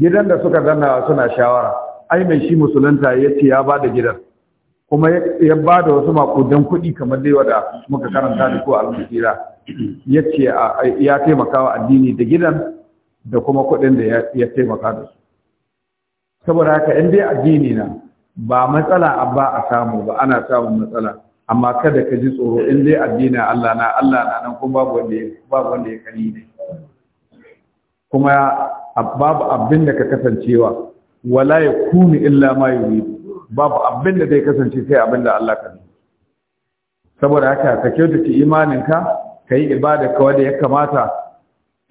A: gidan da suka zanna suna shawara ai mai shi musulunta ya ce ya ba da gidan kuma ya ba da wasu makudan kuɗi kamar dai wada muka karanta da ko almusira ya ce ya taimaka wa addini da gidan da kuma kuɗin da ya taimaka da su saboda haka in dai addini na ba matsala abba a samu ba ana samun matsala amma kada ka ji tsoro in dai addinin Allah na Allah na nan kuma babu wanda ya babu wanda ya kani ne kuma babu abin da ka kasancewa wala ya kuni illa ma yuri babu abin da zai kasance sai abin da Allah ka saboda haka ka kyautace imaninka ka yi ibada kawai da ya kamata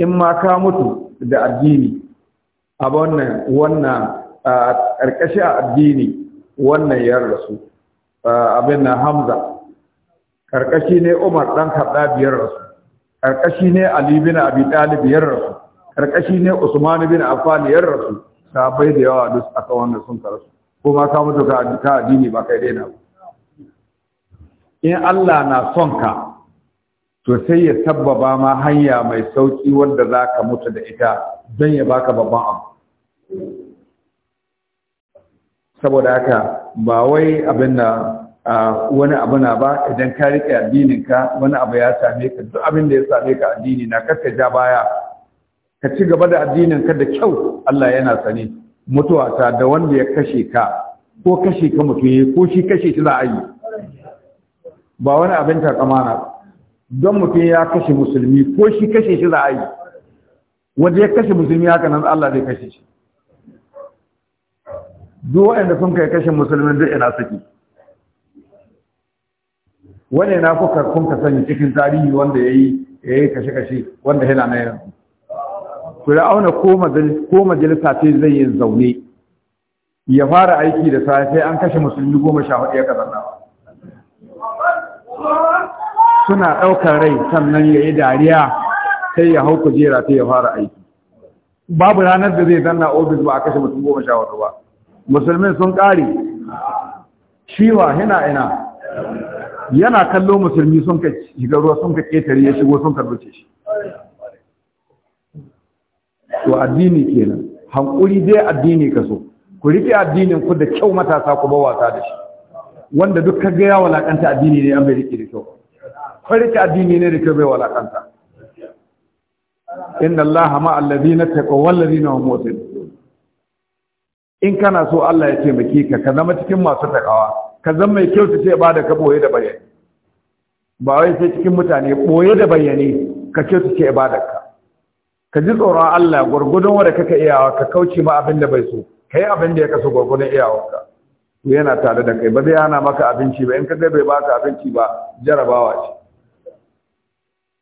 A: in ma ka mutu da addini a wannan wannan a ƙarƙashin addini wannan ya rasu ah, abin na hamza karkashi ne umar ɗan kaɗa biyar rasu karkashi ne ali bin abi talib biyar rasu karkashi ne usman bin affan biyar rasu bai da yawa duk aka wannan sun karasu ko ma ka mutu ka ka addini ba kai daina ba in Allah na son ka to sai ya sabbaba ma hanya mai sauki wanda zaka mutu da ita zan ya baka babban abu saboda haka ba wai abin da wani abu na ba idan ka rike addinin ka wani abu ya same ka duk abin da ya same ka addini na kar ka ja baya ka ci gaba da addinin ka da kyau Allah yana sani mutuwa ta da wanda ya kashe ka ko kashe ka mutum ya ko shi kashe shi za a yi ba wani abin kamana, don mutum ya kashe musulmi ko shi kashe shi za a yi wanda ya kashe musulmi haka nan Allah zai kashe shi duk waɗanda sun kai kashin musulmin duk ina suke wani na kuka kun ka sani cikin tarihi wanda ya yi kashe-kashe wanda yana na yanzu auna ko majalisa ce zai yin zaune ya fara aiki da safe an kashe musulmi goma sha hudu ya kazanna suna ɗaukar rai sannan ya yi dariya sai ya hau kujera sai ya fara aiki babu ranar da zai zanna ofis ba a kashe musulmi goma sha hudu ba musulmin sun ƙari shiwa hina ina yana kallo musulmi sun ka shiga ruwa sun ka ƙetare ya shigo sun karbace shi to addini kenan hankuri dai addini ka so ku rike addinin ku da kyau matasa ku ta da shi wanda duk kaga ya walakanta addini ne an bai rike da kyau
B: ku rike addini
A: ne da kyau bai walakanta inna allaha ma alladhina taqaw wal ladina hum muhsinun in kana so Allah ya taimake ka ka zama cikin masu takawa ka zama mai kyautu ce ba da ka boye da bayani ba wai sai cikin mutane boye da bayani ka kyautu ce ibadarka ka ji tsoron Allah gurgudun wanda kaka iyawa ka kauce ma abin da bai so kai abin da ya kaso gurgudun iyawarka to yana tare da kai ba zai hana maka abinci ba in ka bai baka abinci ba jarabawa ce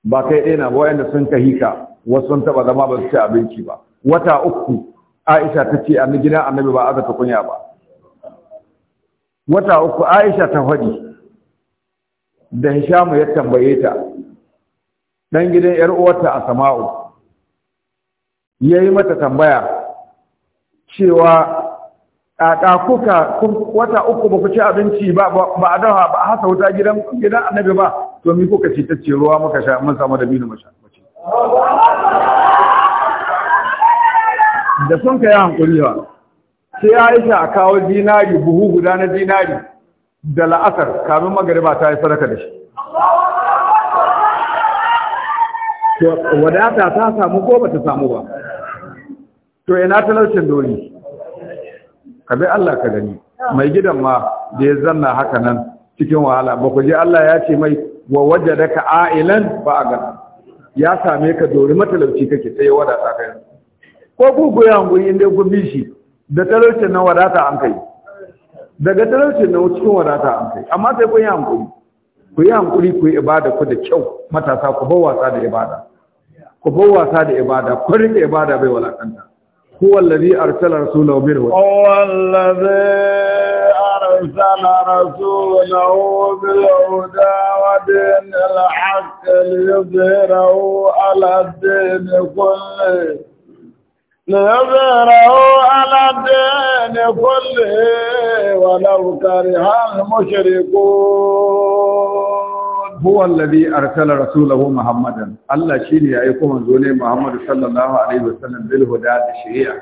A: ba kai ɗaya na ba wayanda sun kahika wasu sun taba zama ba su ci abinci ba wata uku aisha ta ce annabi gidan annabi ba aka kunya ba wata uku aisha ta faɗi da hishamu ya tambaye ta dan gidan yar uwarta a sama'u yayi mata tambaya cewa kaka kuka wata uku ba ku ci abinci ba ba a dawa ba hasa wuta gidan gidan annabi ba to mi kuka ci ta ce ruwa muka sha mun samu da binu mu sha da sun ka yi hankuri ba sai aisha a kawo zinari buhu guda na zinari da la'asar kamin magariba ta yi sadaka da shi wadata ta samu ko ba ta samu ba to ina talaucin doni kabe Allah ka gani mai gidan ma da ya zanna haka nan cikin wahala ba ku je Allah ya ce mai wa wajadaka ailan ba a ya same ka dori matalauci kake sai wadata ka yanzu ko gugu goyi hankuri inda ku bi shi da talauci na wadata an kai daga talauci na cikin wadata an kai amma sai kun yi hankuri ku yi hankuri ku yi ibada ku da kyau matasa ku bar wasa da ibada ku bar wasa da ibada ku rike ibada bai walakanta هو الذي أرسل رسوله بالهدى هو
C: الذي أرسل رسوله بالهدى ودين الحق ليظهره على الدين كله ليظهروا على الدين
A: كله ولو كره
C: المشركون
A: هو الذي أرسل رسوله محمدا الله شيني يأيكم زوني محمد صلى الله عليه وسلم بالهدى الشريعة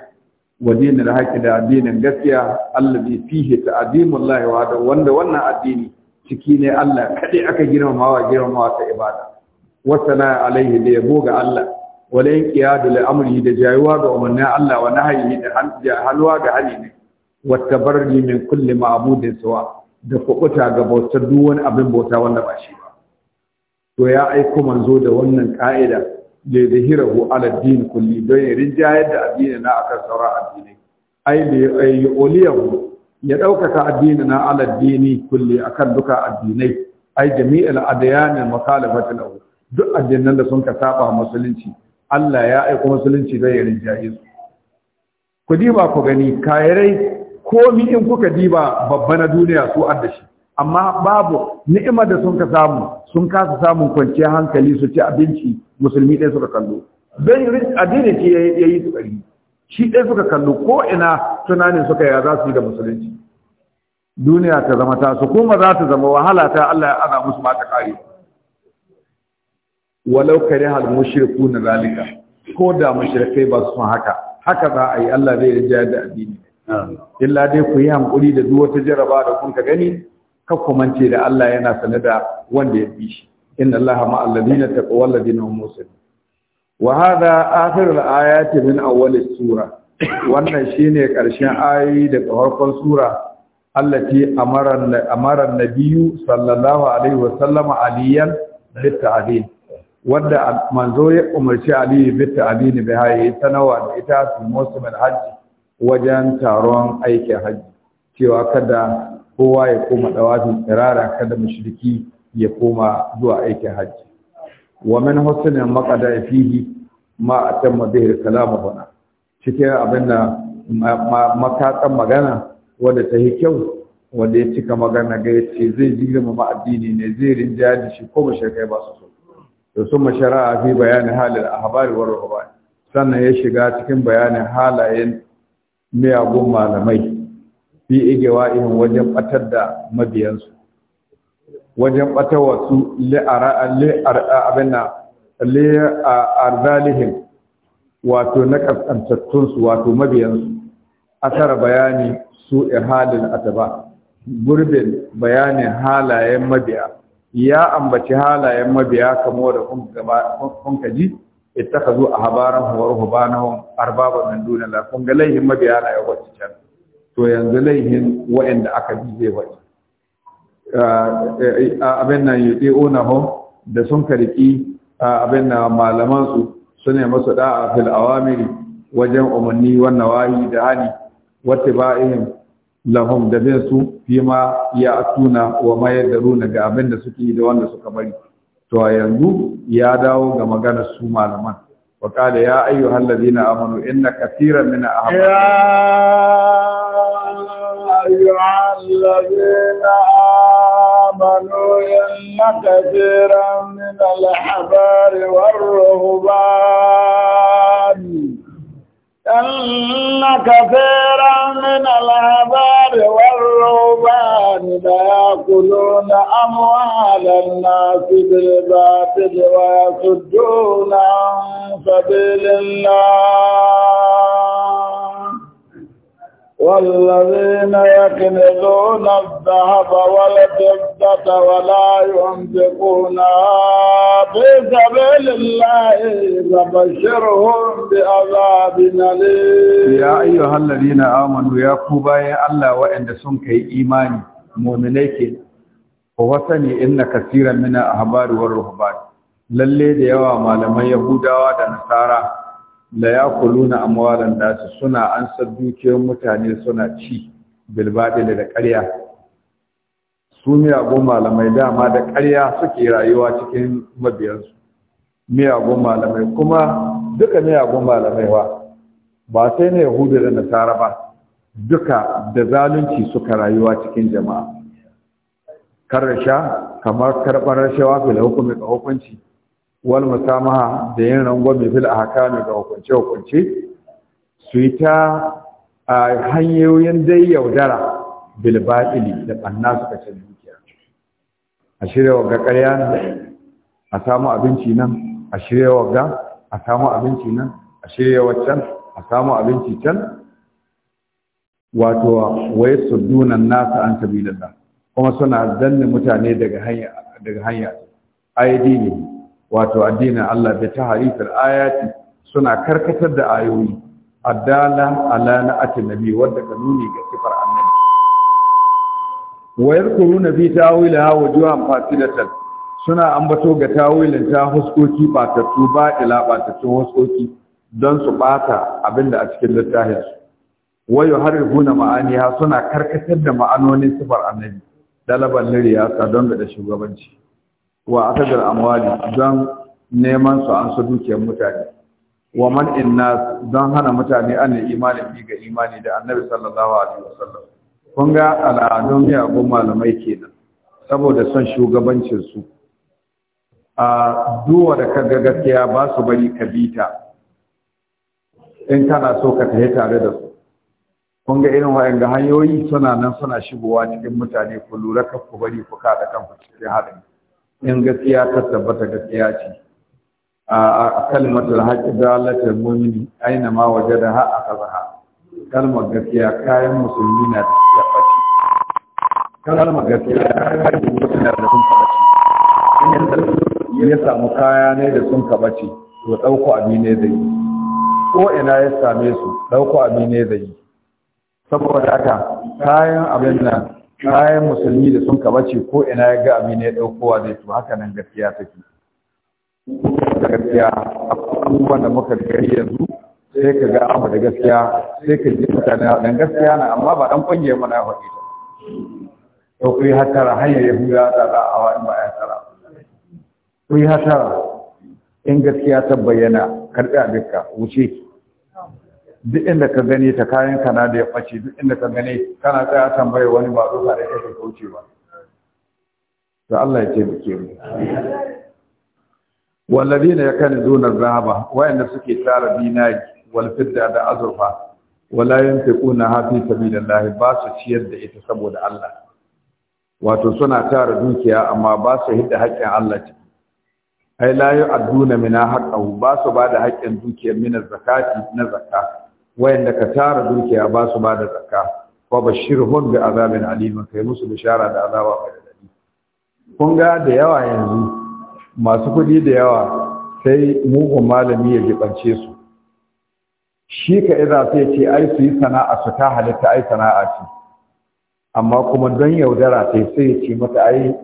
A: ودين الحق دا دين الجسيا الذي فيه تعظيم الله وهذا وانا وانا الدين شكيني الله كدي أكا جرم هوا جرم هوا سعبادة وثناء عليه ليبوغ الله wala inqiyadu da amri da jayuwa ga umarnin Allah wa nahyi da halwa ga hali ne wa tabarri min kulle ma'budin sawa da kubuta ga bautar duk wani abin bauta wanda ba shi ba to ya aiko manzo da wannan ka'ida da hira ala din kulli don ya rinjayar da addini na akan sauran addinai ai da ya uliyahu ya ɗaukaka addini na ala dini kulli akan duka addinai ai jami'il adyan al mukhalafati lahu duk addinan da sun ka saba musulunci Allah ya aiko musulunci zai yi rinjaye su ku diba ku gani kayarai komi in kuka diba babba na duniya su addashi. amma babu ni'imar da sun ka samu sun kasa samun kwanciyar hankali su ci abinci musulmi ɗaya suka kallo don addini ce ya yi tsari shi ɗaya suka kallo ko ina tunanin suka ya za su yi da musulunci duniya ta zama ta su, kuma za ta zama wahala ta Allah ya ana musu ba ta kare walau karihal na zalika ko da mushrikai ba su haka haka za a yi Allah zai rinja da addini illa dai ku yi hankuri da duk wata jaraba da kun ka gani ka kumance da Allah yana sanar da wanda ya bi shi inna Allah ma'al ladina taqaw wal hum muslimun wa hadha akhir ayati min awwal sura wannan shine karshen ayoyi daga farkon sura allati amara amara nabiyyu sallallahu alaihi wa sallama aliyan bit ta'dil wadda manzo ya umarci Ali bitta ne bai haye ta nawa da ita su musulmin hajji wajen taron aikin hajji cewa kada kowa ya koma dawafin tsirara kada mushriki ya koma zuwa aikin hajji wa min husnin maqada fihi ma atamma bihi kalamu huna
C: cikin abinda makakan magana wanda ta yi kyau
A: wanda ya cika magana ga yace zai girmama addini ne zai rinja da shi ko mushrikai ba su so da summa shara'a fi bayanin halin ahbari war ruhban sannan ya shiga cikin bayanin halayen miyagun malamai fi igewa ihin wajen batar da mabiyansu wajen batar wasu li'arzalihim wato na ƙasƙantattunsu wato mabiyansu asara bayani su halin ataba gurbin bayanin halayen mabiyansu ya ambaci halayen mabiya kamo da kun kaji ittakazu ahbarahum wa ruhbanahum arbaba min dunillah kun ga laihin mabiya na ya wacce can to yanzu laihin wa'anda aka bi zai wacce ah, eh, eh, abin nan onaho da sun karki ah, abin nan malaman su sune masu da'a fil awamiri wajen umarni wannan wahi da hani wattiba'ihim lahum da bin su fima ya tuna wa mayar da runa ga abin da suke da wanda suka bari to yanzu ya dawo ga maganar su malaman wa qala ya ayyuhal ladina amanu inna katiran min ahbab ya
C: ayyuhal ladina amanu inna katiran min al-ahbar war-ruhban إن كثيرا من العباد والرهبان ليأكلون أموال الناس بالباطل ويصدون عن سبيل الله والذين يكنزون الذهب والفضة ولا ينفقونها في سبيل الله فبشرهم بعذاب أليم
A: يا أيها الذين آمنوا يا يا الله وإن سنك إيمان مؤمنيك ووثني إن كثيرا من الأحبار والرهبان للي da مالما يهودا ودنسارا la yakuluna amwalan nas suna ansa dukiyar mutane suna ci bil da ƙarya su miyagun malamai dama da ƙarya suke rayuwa cikin mabiyansu miyagun malamai kuma duka miyagun malamai wa ba sai na yahudu da nasara ba duka da zalunci suka rayuwa cikin jama'a kan rasha kamar karɓar rashawa fil hukumi ka hukunci wal musamaha da yin mai fil ahkami ga hukunce hukunce su yi ta hanyoyin dai yaudara bil batili da banna suka ce dukiya a shirya wagga ƙarya nan a samu abinci nan a shirya wagga a samu abinci nan a shirya waccan a samu abinci can wato wai su dunan nasa an sabilillah kuma suna danne mutane daga hanya daga hanya ne wato addinin Allah bi tahrifil ayati suna karkatar da ayoyi addala ala na'ati nabi wanda ka nuni ga sifar annabi Wayar wa yadkuruna bi ha wujuhan fasidatan suna ambato ga tawilin ta huskoki batattu ba ila batattun huskoki don su bata abinda a cikin littafin su wayo harifuna ha suna karkatar da ma'anonin sifar annabi dalaban liriya don da shugabanci wa akadar amwali don neman su an su dukiyar mutane wa man inna don hana mutane an imani bi ga imani da annabi sallallahu alaihi wasallam kun ga al'adun miyagun malamai kenan saboda son shugabancin su a duwa da ka ga gaskiya ba su bari ka bita in kana so ka tafi tare da su kun ga irin ga hanyoyi suna nan suna shigowa cikin mutane ku lura ka ku bari ku kada kanku cikin haɗin in gaskiya ta tabbata gaskiya ce a kalmatul haqqi dalatul mu'mini aina ma wajadaha akazaha kalmar gaskiya kayan musulmi na da ya fashi kalmar gaskiya kayan musulmi na da sun faci in ya samu kaya ne da sun kabace to dauko abi ne zai yi ko ina ya same su dauko abi ne zai yi saboda haka kayan abin nan kayan musulmi da sun kaba ce ko ina ya ga abin ya kowa zai to haka nan gaskiya take gaskiya abubuwan da muka gari yanzu sai ka ga abu da gaskiya sai ka ji mutane dan gaskiya na amma ba dan kungiyar mana faɗi ta to kuyi hatara hanyar yahuda ta da awa in ba ya tara Kuyi hatara in gaskiya ta bayyana karɓi dukka wuce ki duk inda ka gani ta kayan kana da ya ɓace duk inda ka gani kana tsaya tambaye wani ba doka da ka kauce ba da Allah ya taimake mu wallazina yakanzuna zahaba wayanda suke tara dinari wal fidda da azurfa wala yantiquna ha fi sabilillah ba su ciyar da ita saboda Allah wato suna tara dukiya amma ba su hidda haƙƙin Allah ci ai la yu'aduna mina haqqahu ba su ba da haƙƙin dukiyar mina zakati na zakka wayanda ka tara dukiya ba su ba da zakka wa bashirhum bi azabin alim kai musu bishara da azaba mai dadi kun ga da yawa yanzu masu kuɗi da yawa sai mugun malami ya gibance su shi ka iza sai ce ai su yi sana'a su ta halitta ai sana'a ce amma kuma don yaudara sai sai ce mata ai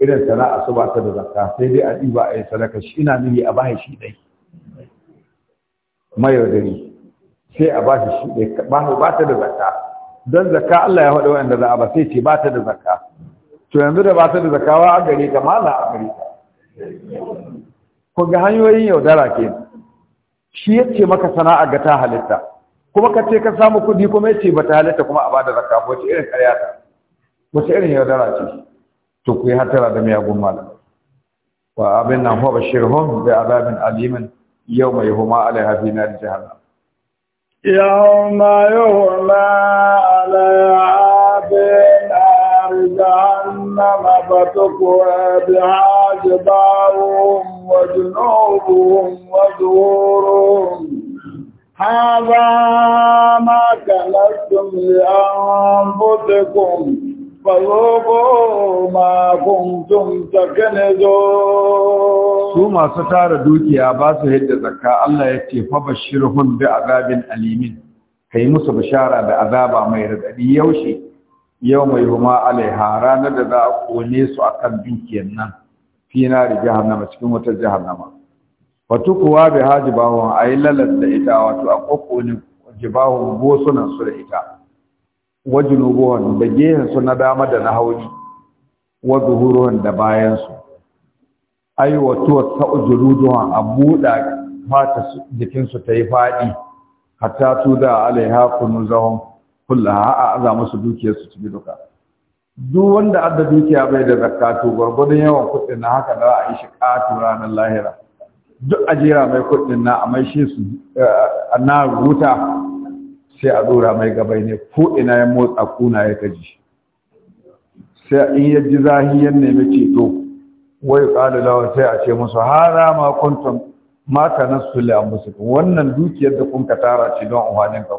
A: irin sana'a su ba ta da zakka sai dai a diba a yi sadaka shi ina nihi a bahi shi dai mayaudari sai a bashi shi ne ba ta da zakka don zakka Allah ya faɗa wanda za a ba sai ce ba ta da zakka to yanzu da ba ta da zakka wa a gare ka mala a gare
B: ka
A: ku ga hanyoyin yaudara ke shi yace maka sana'a ga ta halitta kuma ka ce ka samu kuɗi kuma yace ba ta halitta kuma a bada zakka wace irin karya ta wace irin yaudara ce to ku yi hatara da miyagun malam wa abin nan huwa bashirhum bi azabin alimin yawma yahuma alaiha fi nar jahannam
C: يوم يغلى عليها في نار جهنم فتكوى بها جباههم وجنوبهم وظهورهم هذا ما كنتم لأنفسكم فذوقوا ما كنتم تكنزون
A: su masu tara dukiya ba su yadda zakka Allah ya ce fa bashirhum bi azabin alimin kai musu bishara da azaba mai radadi yaushe yau mai huma alaiha ranar da za a kone su akan dukiyar nan fi na jahannama cikin wata jahannama wato kuwa bi ay lalat da ita wato a jibahu jibahun suna su da ita wajinubuwan da gehen su na dama da na hauni wa zuhuruwan da bayan su ta ujuru ta'uzuruduha a buɗa mata jikinsu ta yi faɗi hatta su da alaiha kunu zahon kulla a za musu dukiyarsu su bi duka duk wanda adda dukiya bai da zakatu gwargwadon yawan kuɗin na haka za a yi shi ƙatu ranar lahira duk a jera mai kuɗin na a mai shi su eh, na rubuta sai a ɗora mai gabai ne ko ina ya motsa kuna ya kaji sai in ya ji zahiyar nemi ceto wai qalu lawa sai a ce musu hada ma kuntum ma tanassu li anfusikum wannan dukiyar da kun ka tara ce don uhanin ka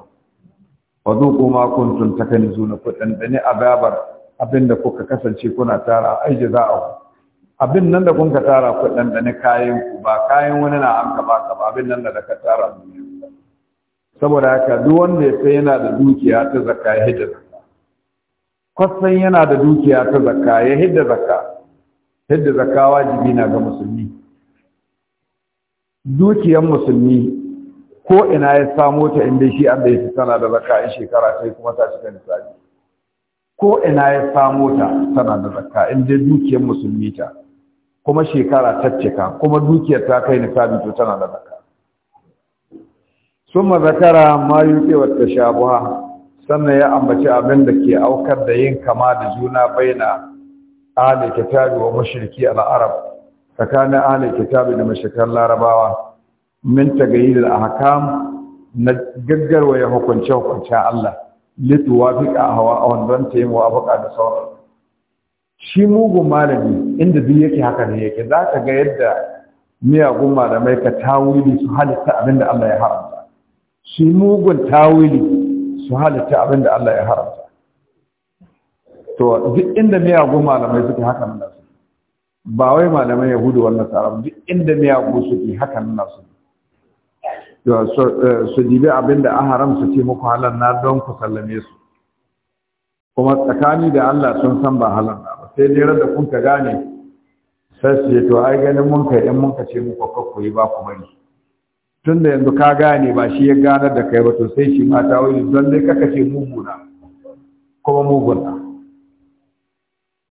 A: wa duku ma kuntum takanizuna ku dandane azabar abinda kuka kasance kuna tara ai jaza'a abin nan da kun ka tara ku dandane kayan ku ba kayan wani na an ka baka ba abin nan da ka tara saboda haka duk wanda ya sai yana da dukiya ta zakka ya hidda zakka kwasan yana da dukiya ta zakka ya hidda zakka yadda zakka wajibi na ga musulmi dukiyar musulmi ko ina ya samu ta inda shi an da yake tana da zakka in shekara sai kuma ta cika nisabi ko ina ya samu ta tana da zakka in dai dukiyar musulmi ta kuma shekara ta cika kuma dukiyar ta kai nisabi to tana da zakka summa zakara ma ta wa tashabuha sannan ya ambaci abin da ke aukar da yin kama da juna baina ahli kitabi wa al-arab tsakanin ahli kitabi da mushrikan larabawa min al ahkam na gaggarwa ya hukunce hukunce Allah Litu fi hawa a wandon ta yi muwafaka da sauran shi mugun malami inda duk yake haka ne yake za ka ga yadda miyagun malamai ka tawili su halitta abinda Allah ya haramta shi mugun tawili su halitta abinda Allah ya haramta to duk inda miyagun malamai suke haka nan su ba wai malamai yahudu wannan tsara duk inda miyagun suke haka nan su eh, su jibi abin da an haram su ce muku halar na don ku sallame su kuma tsakani da Allah sun san ba halar na ba sai dai da kun ka gane sai su ce to ai ganin mun kai in mun ka ce muku kakku yi ba ku bari tun da yanzu ka gane ba shi ya ganar da kai ba to sai shi ma ta don dai kaka ce muguna kuma muguna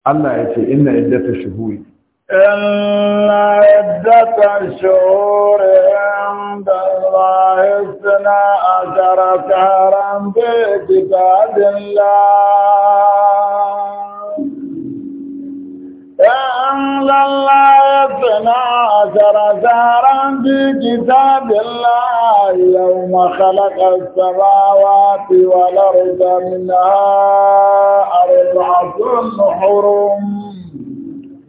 A: Allah ya ce inna iddata shuhuri
C: inna iddata shuhuri inda Allah suna ashara karan bi kitabin Allah الله اثنا عشر زارا بكتاب الله يوم خلق السماوات والأرض منها أربعة حرم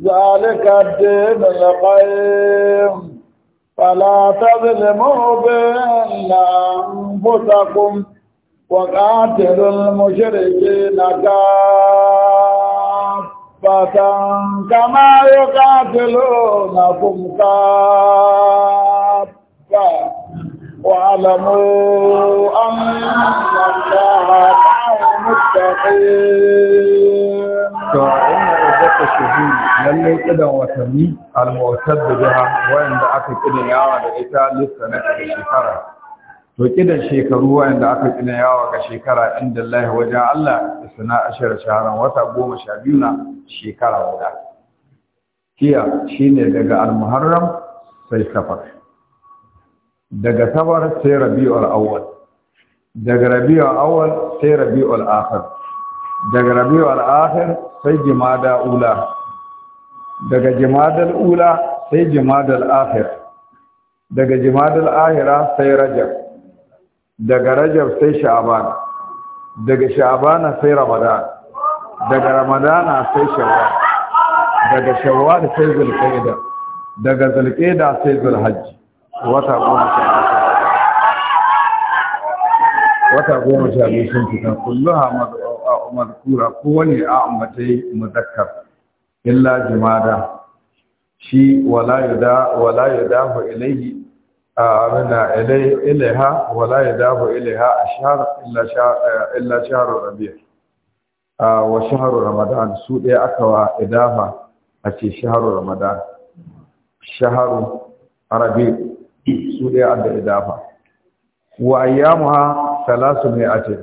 C: ذلك الدين القيم فلا تظلموا بين أنفسكم وقاتلوا المشركين كافرين كافة كما يقاتلونكم كافة واعلموا أن الله معهم المتقين ta shuhu lalle kidan watanni
A: al-mu'tad biha wanda aka kidan yawa da ita lissa na shekara to kidan shekaru wanda aka kina yawa ga shekara inda Allah wajen Allah isna ashar shaharan wata goma sha biyu na shekara guda kiya shine daga al-muharram sai safar daga safar sai rabiul awwal daga rabiul awwal sai rabiul akhir daga rabiul akhir sai jumada ula daga jumadal ula sai jumadal akhir daga jumadal akhira sai rajab daga rajab sai sha'aban daga sha'abana sai ramadan daga ramadana sai shawwal daga shawwal sai zulqa'da daga zulqa'da sai zulhajj wata goma sha wata goma sha biyu sun fita kulluha madkura wani a ambatai muzakkar illa jumada shi wala yada wala yudahu ilayhi abinda ilaiha wala ya dafa ilaiha a shahar illa shaharar rabia wa shaharar ramadan su ɗaya aka wa idafa a shaharar ramadan shaharu arabi su ɗaya an da idafa wa ayyamuha salasu mai ake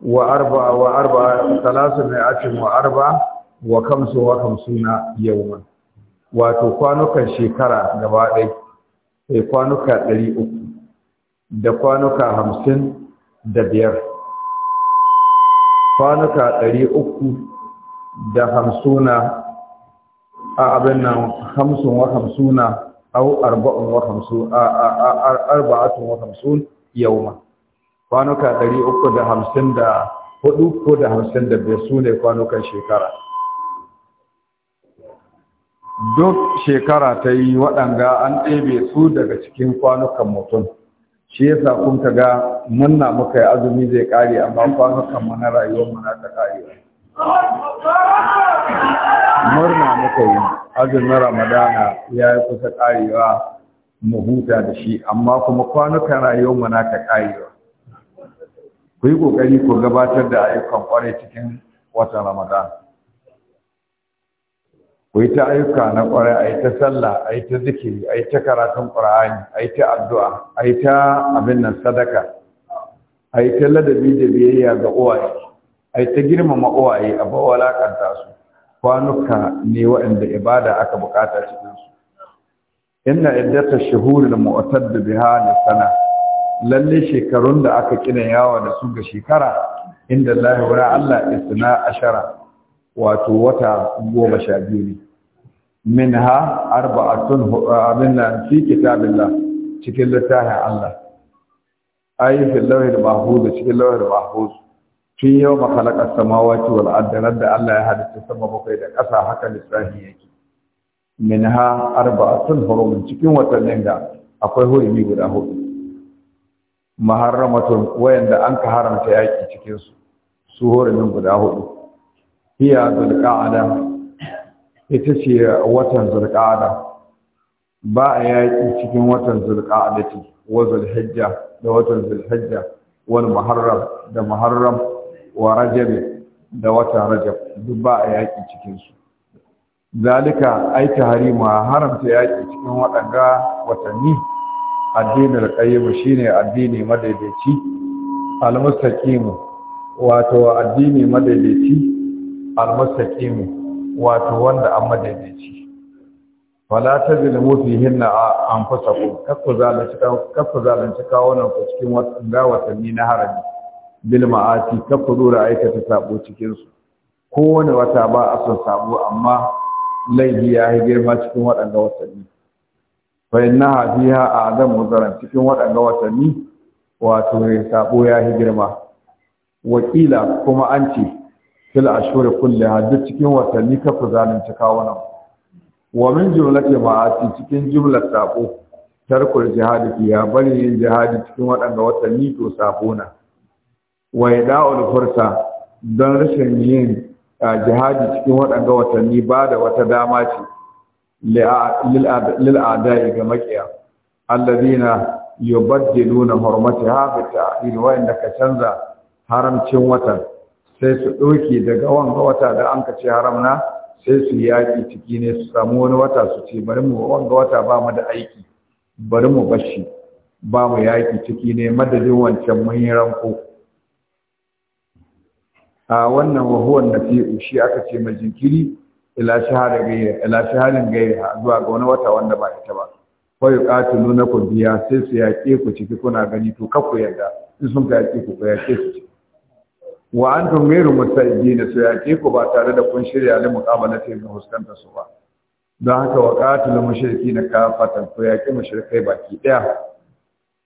A: wa arba wa wa arba wa kamsu wa wato kwanukan shekara gaba ɗaya e kwanuka ɗari uku da kwanuka hamsin da biyar kwanuka ɗari uku da hamsuna a abin nan hamsin wa hamsuna au arba'un wa hamsun arba'atun wa hamsun ma kwanuka ɗari uku da hamsin da hudu ko da hamsin da biyar su ne kwanukan shekara duk shekara ta yi waɗanga an ɗebe su daga cikin kwanukan mutum shi yasa kun ka ga muna muka yi azumi zai ƙare amma kwanukan mana na rayuwar na ta ƙarewa murna muka yi azumin ramadana ya yi kusa ƙarewa mu huta da shi amma kuma kwanukan rayuwar mu na ta ƙarewa ku yi ƙoƙari ku gabatar da ayyukan ƙwarai cikin watan ramadana ku yi ta ayyuka na ƙwarai a yi ta sallah a yi ta zikiri a yi ta karatun ƙur'ani a yi ta addu'a a yi ta abin nan sadaka a yi ta ladabi da biyayya ga uwaye a yi ta girmama uwaye a ba walakanta su kwanuka ne waɗanda ibada aka bukata cikin su inna iddata shuhurul da biha da sana lalle shekarun da aka kina yawa da su ga shekara inda Allah wa Allah isna ashara wato wata goma sha biyu ne Min ha arba'atun abin nan fi kitabillah cikin littafin Allah ayi fil lawhil mahfuz cikin lawhil mahfuz tun yau ma khalaqa samawati wal da Allah ya halitta sama bakwai da ƙasa haka lissafi yake minha arba'atun hurumin cikin watannin da akwai hurumi guda hudu maharramatun wayanda an ka haramta yaki cikin su su guda hudu hiya zulqa'ada ita ce watan zulqa'ada ba a yaƙi cikin watan zulqa'ada ce wa zulhijja da watan zulhijja wani muharram da muharram wa rajab da watan rajab duk ba a yaƙi cikin su zalika ai taharima haramta yaƙi cikin waɗanga watanni addinin qayyim shine addini madaidaici al-mustaqim wato addini madaidaici almustaqim wato wanda an madaidaici wala tazlimu fihinna anfusakum kakku zalunci kakku zalunci kawunan ku cikin wanda watanni na harami bil ma'ati kakku dora aikata sabo cikin su kowane wata ba a son sabo amma laifi ya yi girma cikin waɗanda watanni fa inna hadiha adam zaran cikin waɗanda watanni wato sabo ya yi girma wakila kuma an ce fil ashuri kulle duk cikin watanni ka ku zalunci kawunan wa min jumlati ma'asi cikin jumlar sabo tarkul jihadi fiya bari yin jihadi cikin waɗanda watanni to sako na wa ida'ul fursa don rashin yin jihadi cikin waɗanda watanni ba da wata dama ce lil'adai ga makiya allazina yubaddiluna hurmatiha bi ta'khir wa inda ka canza haramcin watan sai su ɗauki daga wanga wata da an ka ce haram na sai su yaƙi ciki ne su samu wani wata su ce bari mu wanga wata ba mu da aiki bari mu bashi ba mu yaƙi ciki ne madadin wancan mun yi ranko a wannan wahuwan na fi ushi aka ce ma jinkiri ila shahara gaira shaharin gaira zuwa ga wani wata wanda ba ita ba kawai ƙatilu na ku biya sai su yaƙe ku ciki kuna gani to kafu yadda, in sun ka yaƙe ku ku yaƙe su ciki wa antum ghayru musta'idin su yake ku ba tare da kun shirya da ta yin huskanta su ba dan haka wa qatil mushrikin kafatan ku yake mushrikai baki daya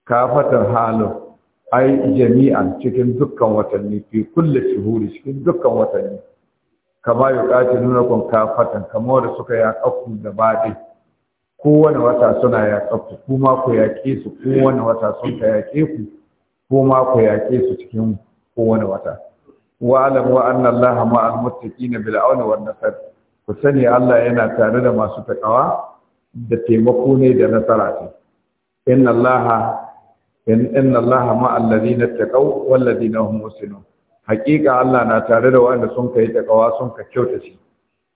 A: kafatan halu ai jami'an cikin dukkan watanni fi kulli shuhuri cikin dukkan watanni kama yuqatiluna kun kafatan kamar wanda suka kafu da baɗi kowane wata suna kafu kuma ku yaƙe su kowane wata sun ka yaƙe ku kuma ku yaƙe su cikin kowane wata wa wa'annan anna allaha ma'al na bil auni wan ku sani Allah yana tare da masu takawa da taimako ne da nasara ce inna allaha inna allaha ma'al ladina taqaw wal ladina Hakika Allah na tare da wanda sun kai takawa sun ka kyauta shi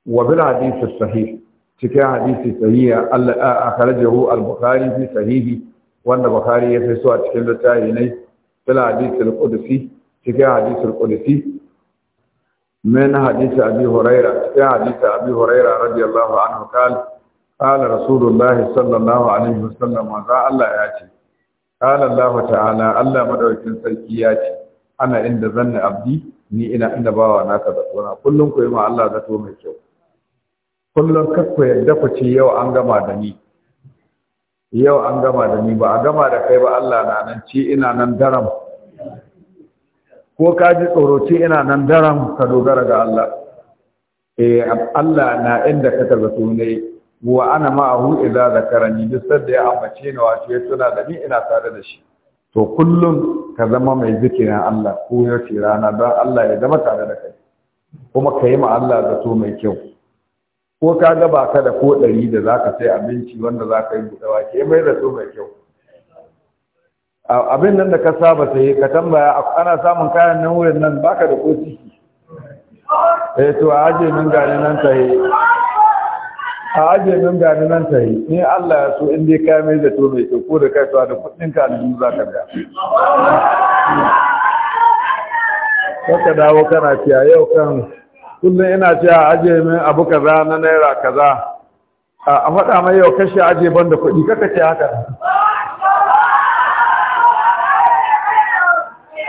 A: wa bil hadisi sahih cikin hadisi sahihi Allah akhrajahu al-bukhari fi sahihi wanda bukhari ya fi so a cikin littafi ne bil hadisi al-qudsi cikin hadisul qudsi min hadisi abi huraira cikin hadisi abi huraira radiyallahu anhu qala qala rasulullah sallallahu alaihi wasallam wa Allah ya ce qala Allah ta'ala Allah madaukin sarki ya ce ana inda zanna abdi ni ina inda bawa naka da tsona kullum ku yi ma Allah zato mai kyau kullum kakku yadda ku ce yau an gama da ni yau an gama da ni ba a gama da kai ba Allah na nan ci ina nan daram ko ka ji tsoroci ina nan daren ka dogara ga Allah eh Allah na inda ka tabbato ne wa ana ma'ahu idza zakarani duk sadda ya ambace ni wato ya tuna da ni ina tare da shi to kullum ka zama mai zikirin Allah ko yace rana don Allah ya zama tare da kai kuma ka yi ma Allah zato mai kyau ko ka ga ba ka da ko ɗari da za ka sai abinci wanda za ka yi buɗe wake mai zato mai kyau abin nan da ka saba sai ka tambaya ana samun kayan nan wurin nan baka da ko ciki eh to a aje min gani nan ta a aje min gani nan ta yi ni Allah ya so in dai ka mai da to mai ko da kai da kudin ka aljihu za ka ga ka dawo kana cewa yau kan kullum ina cewa aje min abu kaza na naira kaza a faɗa mai yau kashe aje ban da kuɗi kaka ce haka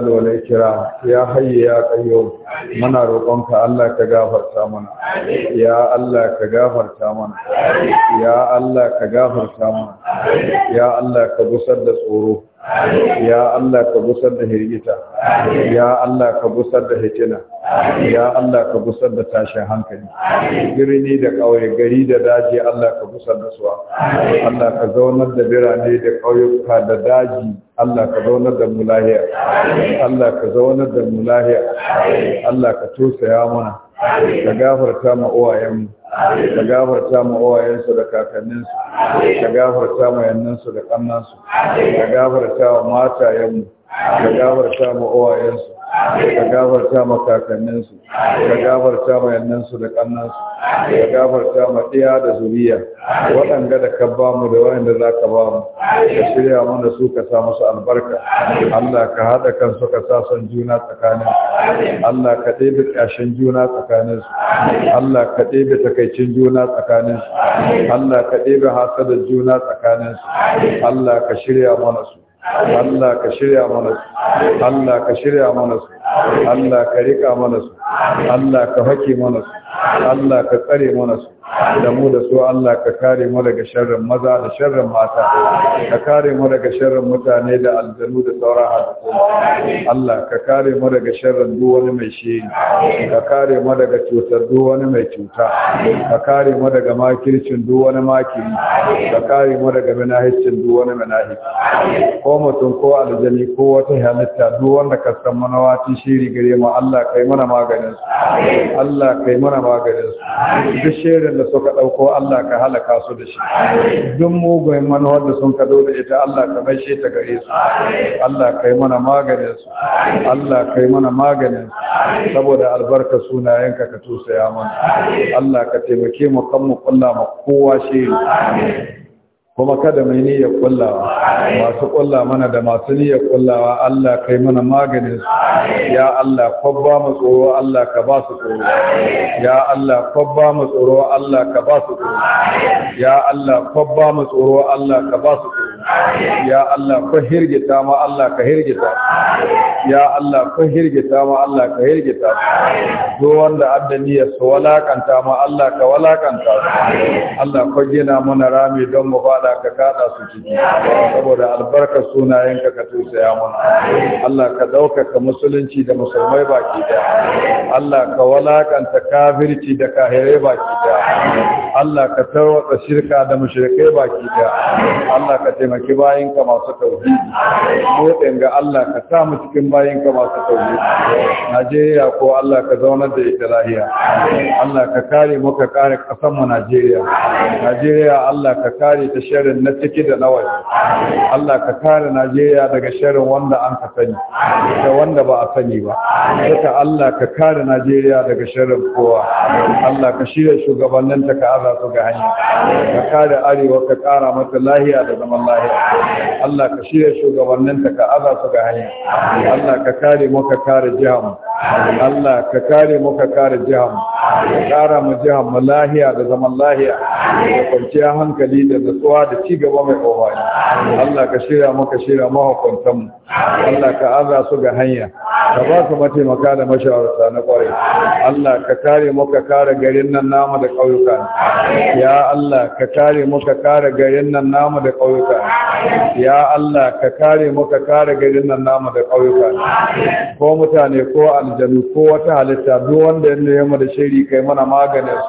A: jalal wal ikram ya hayy ya qayyum muna roƙonka Allah ka gafarta mana ya Allah ka gafarta mana ya Allah ka gafarta mana ya Allah ka busar da tsoro ya Allah ka busar da hirgita ya Allah ka busar da hikima ya Allah ka busar da tashin hankali birni da ƙauye gari da daji Allah ka busar da suwa Allah ka zaunar da birane da ƙauyuka da daji Allah ka zaunar da mulahiya Allah ka zaunar da mulahiya Allah ka tosaya mana ka gafarta ma uwayenmu ka gafarta ma uwayensu da kakanninsu ka gafarta ma yannansu da kannansu ka gafarta matayen matayenmu ka gafarta ma uwayensu ka gafarta ma kakanninsu ka gafarta ma yannansu da kannansu ka gafarta ma ɗiya da zuriya Waɗanga da ka ba mu da waɗanda za ka ba mu ka shirya mana su ka sa musu albarka Allah ka haɗa kansu ka sa son juna tsakanin Allah ka ɗebe ƙashin juna tsakanin su Allah ka ɗebe takaicin juna tsakanin su Allah ka ɗebe hasadar juna tsakanin su Allah ka shirya mana su Allah ka shirya mana su Allah ka shirya mana su Allah ka rika mana su Allah ka haƙi mana su Allah ka tsare mana su da mu da su Allah ka kare mu daga sharrin maza da sharrin mata ka kare mu daga sharrin mutane da aljanu da sauran halittu Allah ka kare mu daga sharrin duk wani mai shiri ka kare mu daga cutar duk wani mai cuta ka kare mu daga makircin duk wani makiri ka kare mu daga minahicin duk wani minahiki ko mutum ko aljani ko wata halitta duk wanda ka san mana wati shiri gare mu Allah kai mana maganin su Allah kai mana maganin su duk shirin da suka dauko Allah ka halaka su da shi duk mugun manowar da sun ka da ita Allah ka shi ta gare su Allah kai mana maganin su Allah kai mana maganin saboda albarka sunayenka ka tusaya mana Allah ka taimake mu kan mu kulla ma kowa shi kuma kada mai niyyar kullawa masu kulla mana da masu niyyar kullawa Allah kai mana maganin su ya Allah kwabba mu tsoro Allah ka ba su tsoro ya Allah kwabba mu tsoro Allah ka ba su tsoro ya Allah kwabba mu tsoro Allah ka ba su tsoro ya Allah ku hirgita ma Allah ka hirgita ya Allah ku hirgita ma Allah ka hirgita do wanda adda niyyar su walakanta ma Allah ka walakanta Allah ku gina mana rami don mu ba ta'ala ka kada su ciki saboda albarkar sunayenka ka ya mana Allah ka ɗaukaka musulunci da musulmai baki da Allah ka walakanta kafirci da kahirai baki da Allah ka tarwatsa shirka da mushrikai baki da Allah ka taimaki bayinka masu tauhidi mu ga Allah ka sa mu cikin bayinka masu tauhidi Najeriya ko Allah ka zaunar da ita lahiya Allah ka kare muka kare kasar mu Najeriya Najeriya Allah ka kare ta sharrin na ciki da na Allah ka kare Najeriya daga sharrin wanda an ka sani da wanda ba a sani ba saka Allah ka kare Najeriya daga sharrin kowa Allah ka shirya shugabannin ta ka aza su ga hanya ka kare arewa ka kara mata lahiya da zaman lahiya Allah ka shirya shugabannin ta ka aza su ga hanya Allah ka kare mu ka kare jihar mu Allah ka kare mu ka kare jihar mu ka kara mu jihar mu lahiya da zaman lahiya da kwanciyar hankali da nutsuwa da ci gaba mai kowani Allah ka shirya maka shirya mahukuntan mu Allah ka aza su ga hanya ka ba su mataimaka da mashawarta na kwarai Allah ka kare maka kare garin nan namu da kauyuka ya Allah ka kare maka kare garin nan namu da kauyuka ya Allah ka kare maka kare garin nan namu da kauyuka ko mutane ko aljanu ko wata halitta duk wanda ya nemi da shiri kai mana maganin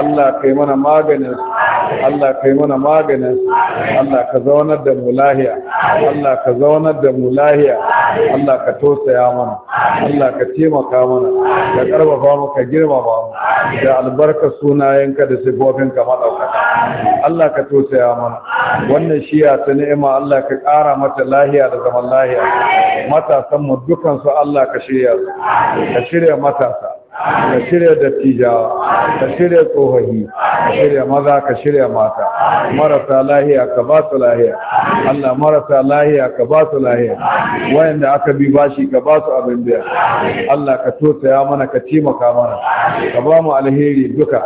A: Allah kai mana maganin Allah kai mana maganin maganin Allah ka zaunar da mu lahiya Allah ka zaunar da mu lahiya Allah ka tausaya mana Allah ka taimaka mana ka karfafa mu ka girmama mu da albarka sunayenka da ka madaukaka Allah ka tausaya mana wannan shiya ta ni'ima Allah ka ƙara mata lahiya da zaman lahiya matasan mu dukansu Allah ka shirya su ka shirya matasa ka shirya dattijawa ka shirya tsohahi ka shirya maza ka shirya mata marasa lahiya ka ba su lahiya Allah marasa lahiya ka ba su lahiya wayanda aka bi bashi ka ba su abin biya Allah ka ya mana ka taimaka mana ka ba mu alheri duka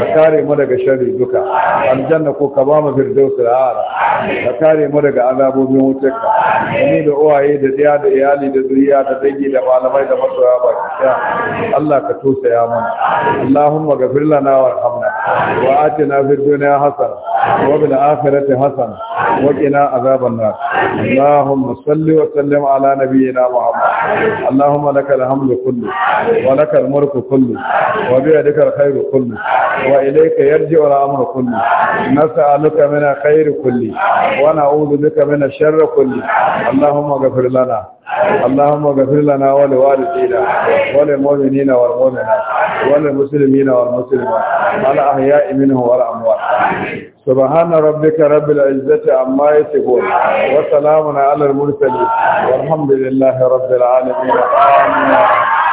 A: ka kare mu daga sharri duka aljanna ko ka ba mu firdausul ara, ka kare mu daga azabobin wutarka ni da uwaye da tsaya da iyali da zuriya da dangi da malamai da masoya ka Allah ka tosaya mana Allahumma ghafir lana warhamna wa atina fid dunya hasana wa fil akhirati hasana wa qina azaban nar Allahumma salli wa sallim ala nabiyyina Muhammad Allahumma lakal hamdu kullu wa lakal mulku kullu wa bi yadika al kullu wa ilayka yarji'u al amru kullu nas'aluka min al khayri kulli wa na'udhu bika min al sharri kulli Allahumma ghafir lana اللهم اغفر لنا ولوالدينا وللمؤمنين والمؤمنات وللمسلمين والمسلمات الأحياء منه والأموات سبحان ربك رب العزة عما يصفون وسلام على المرسلين والحمد لله رب العالمين آمين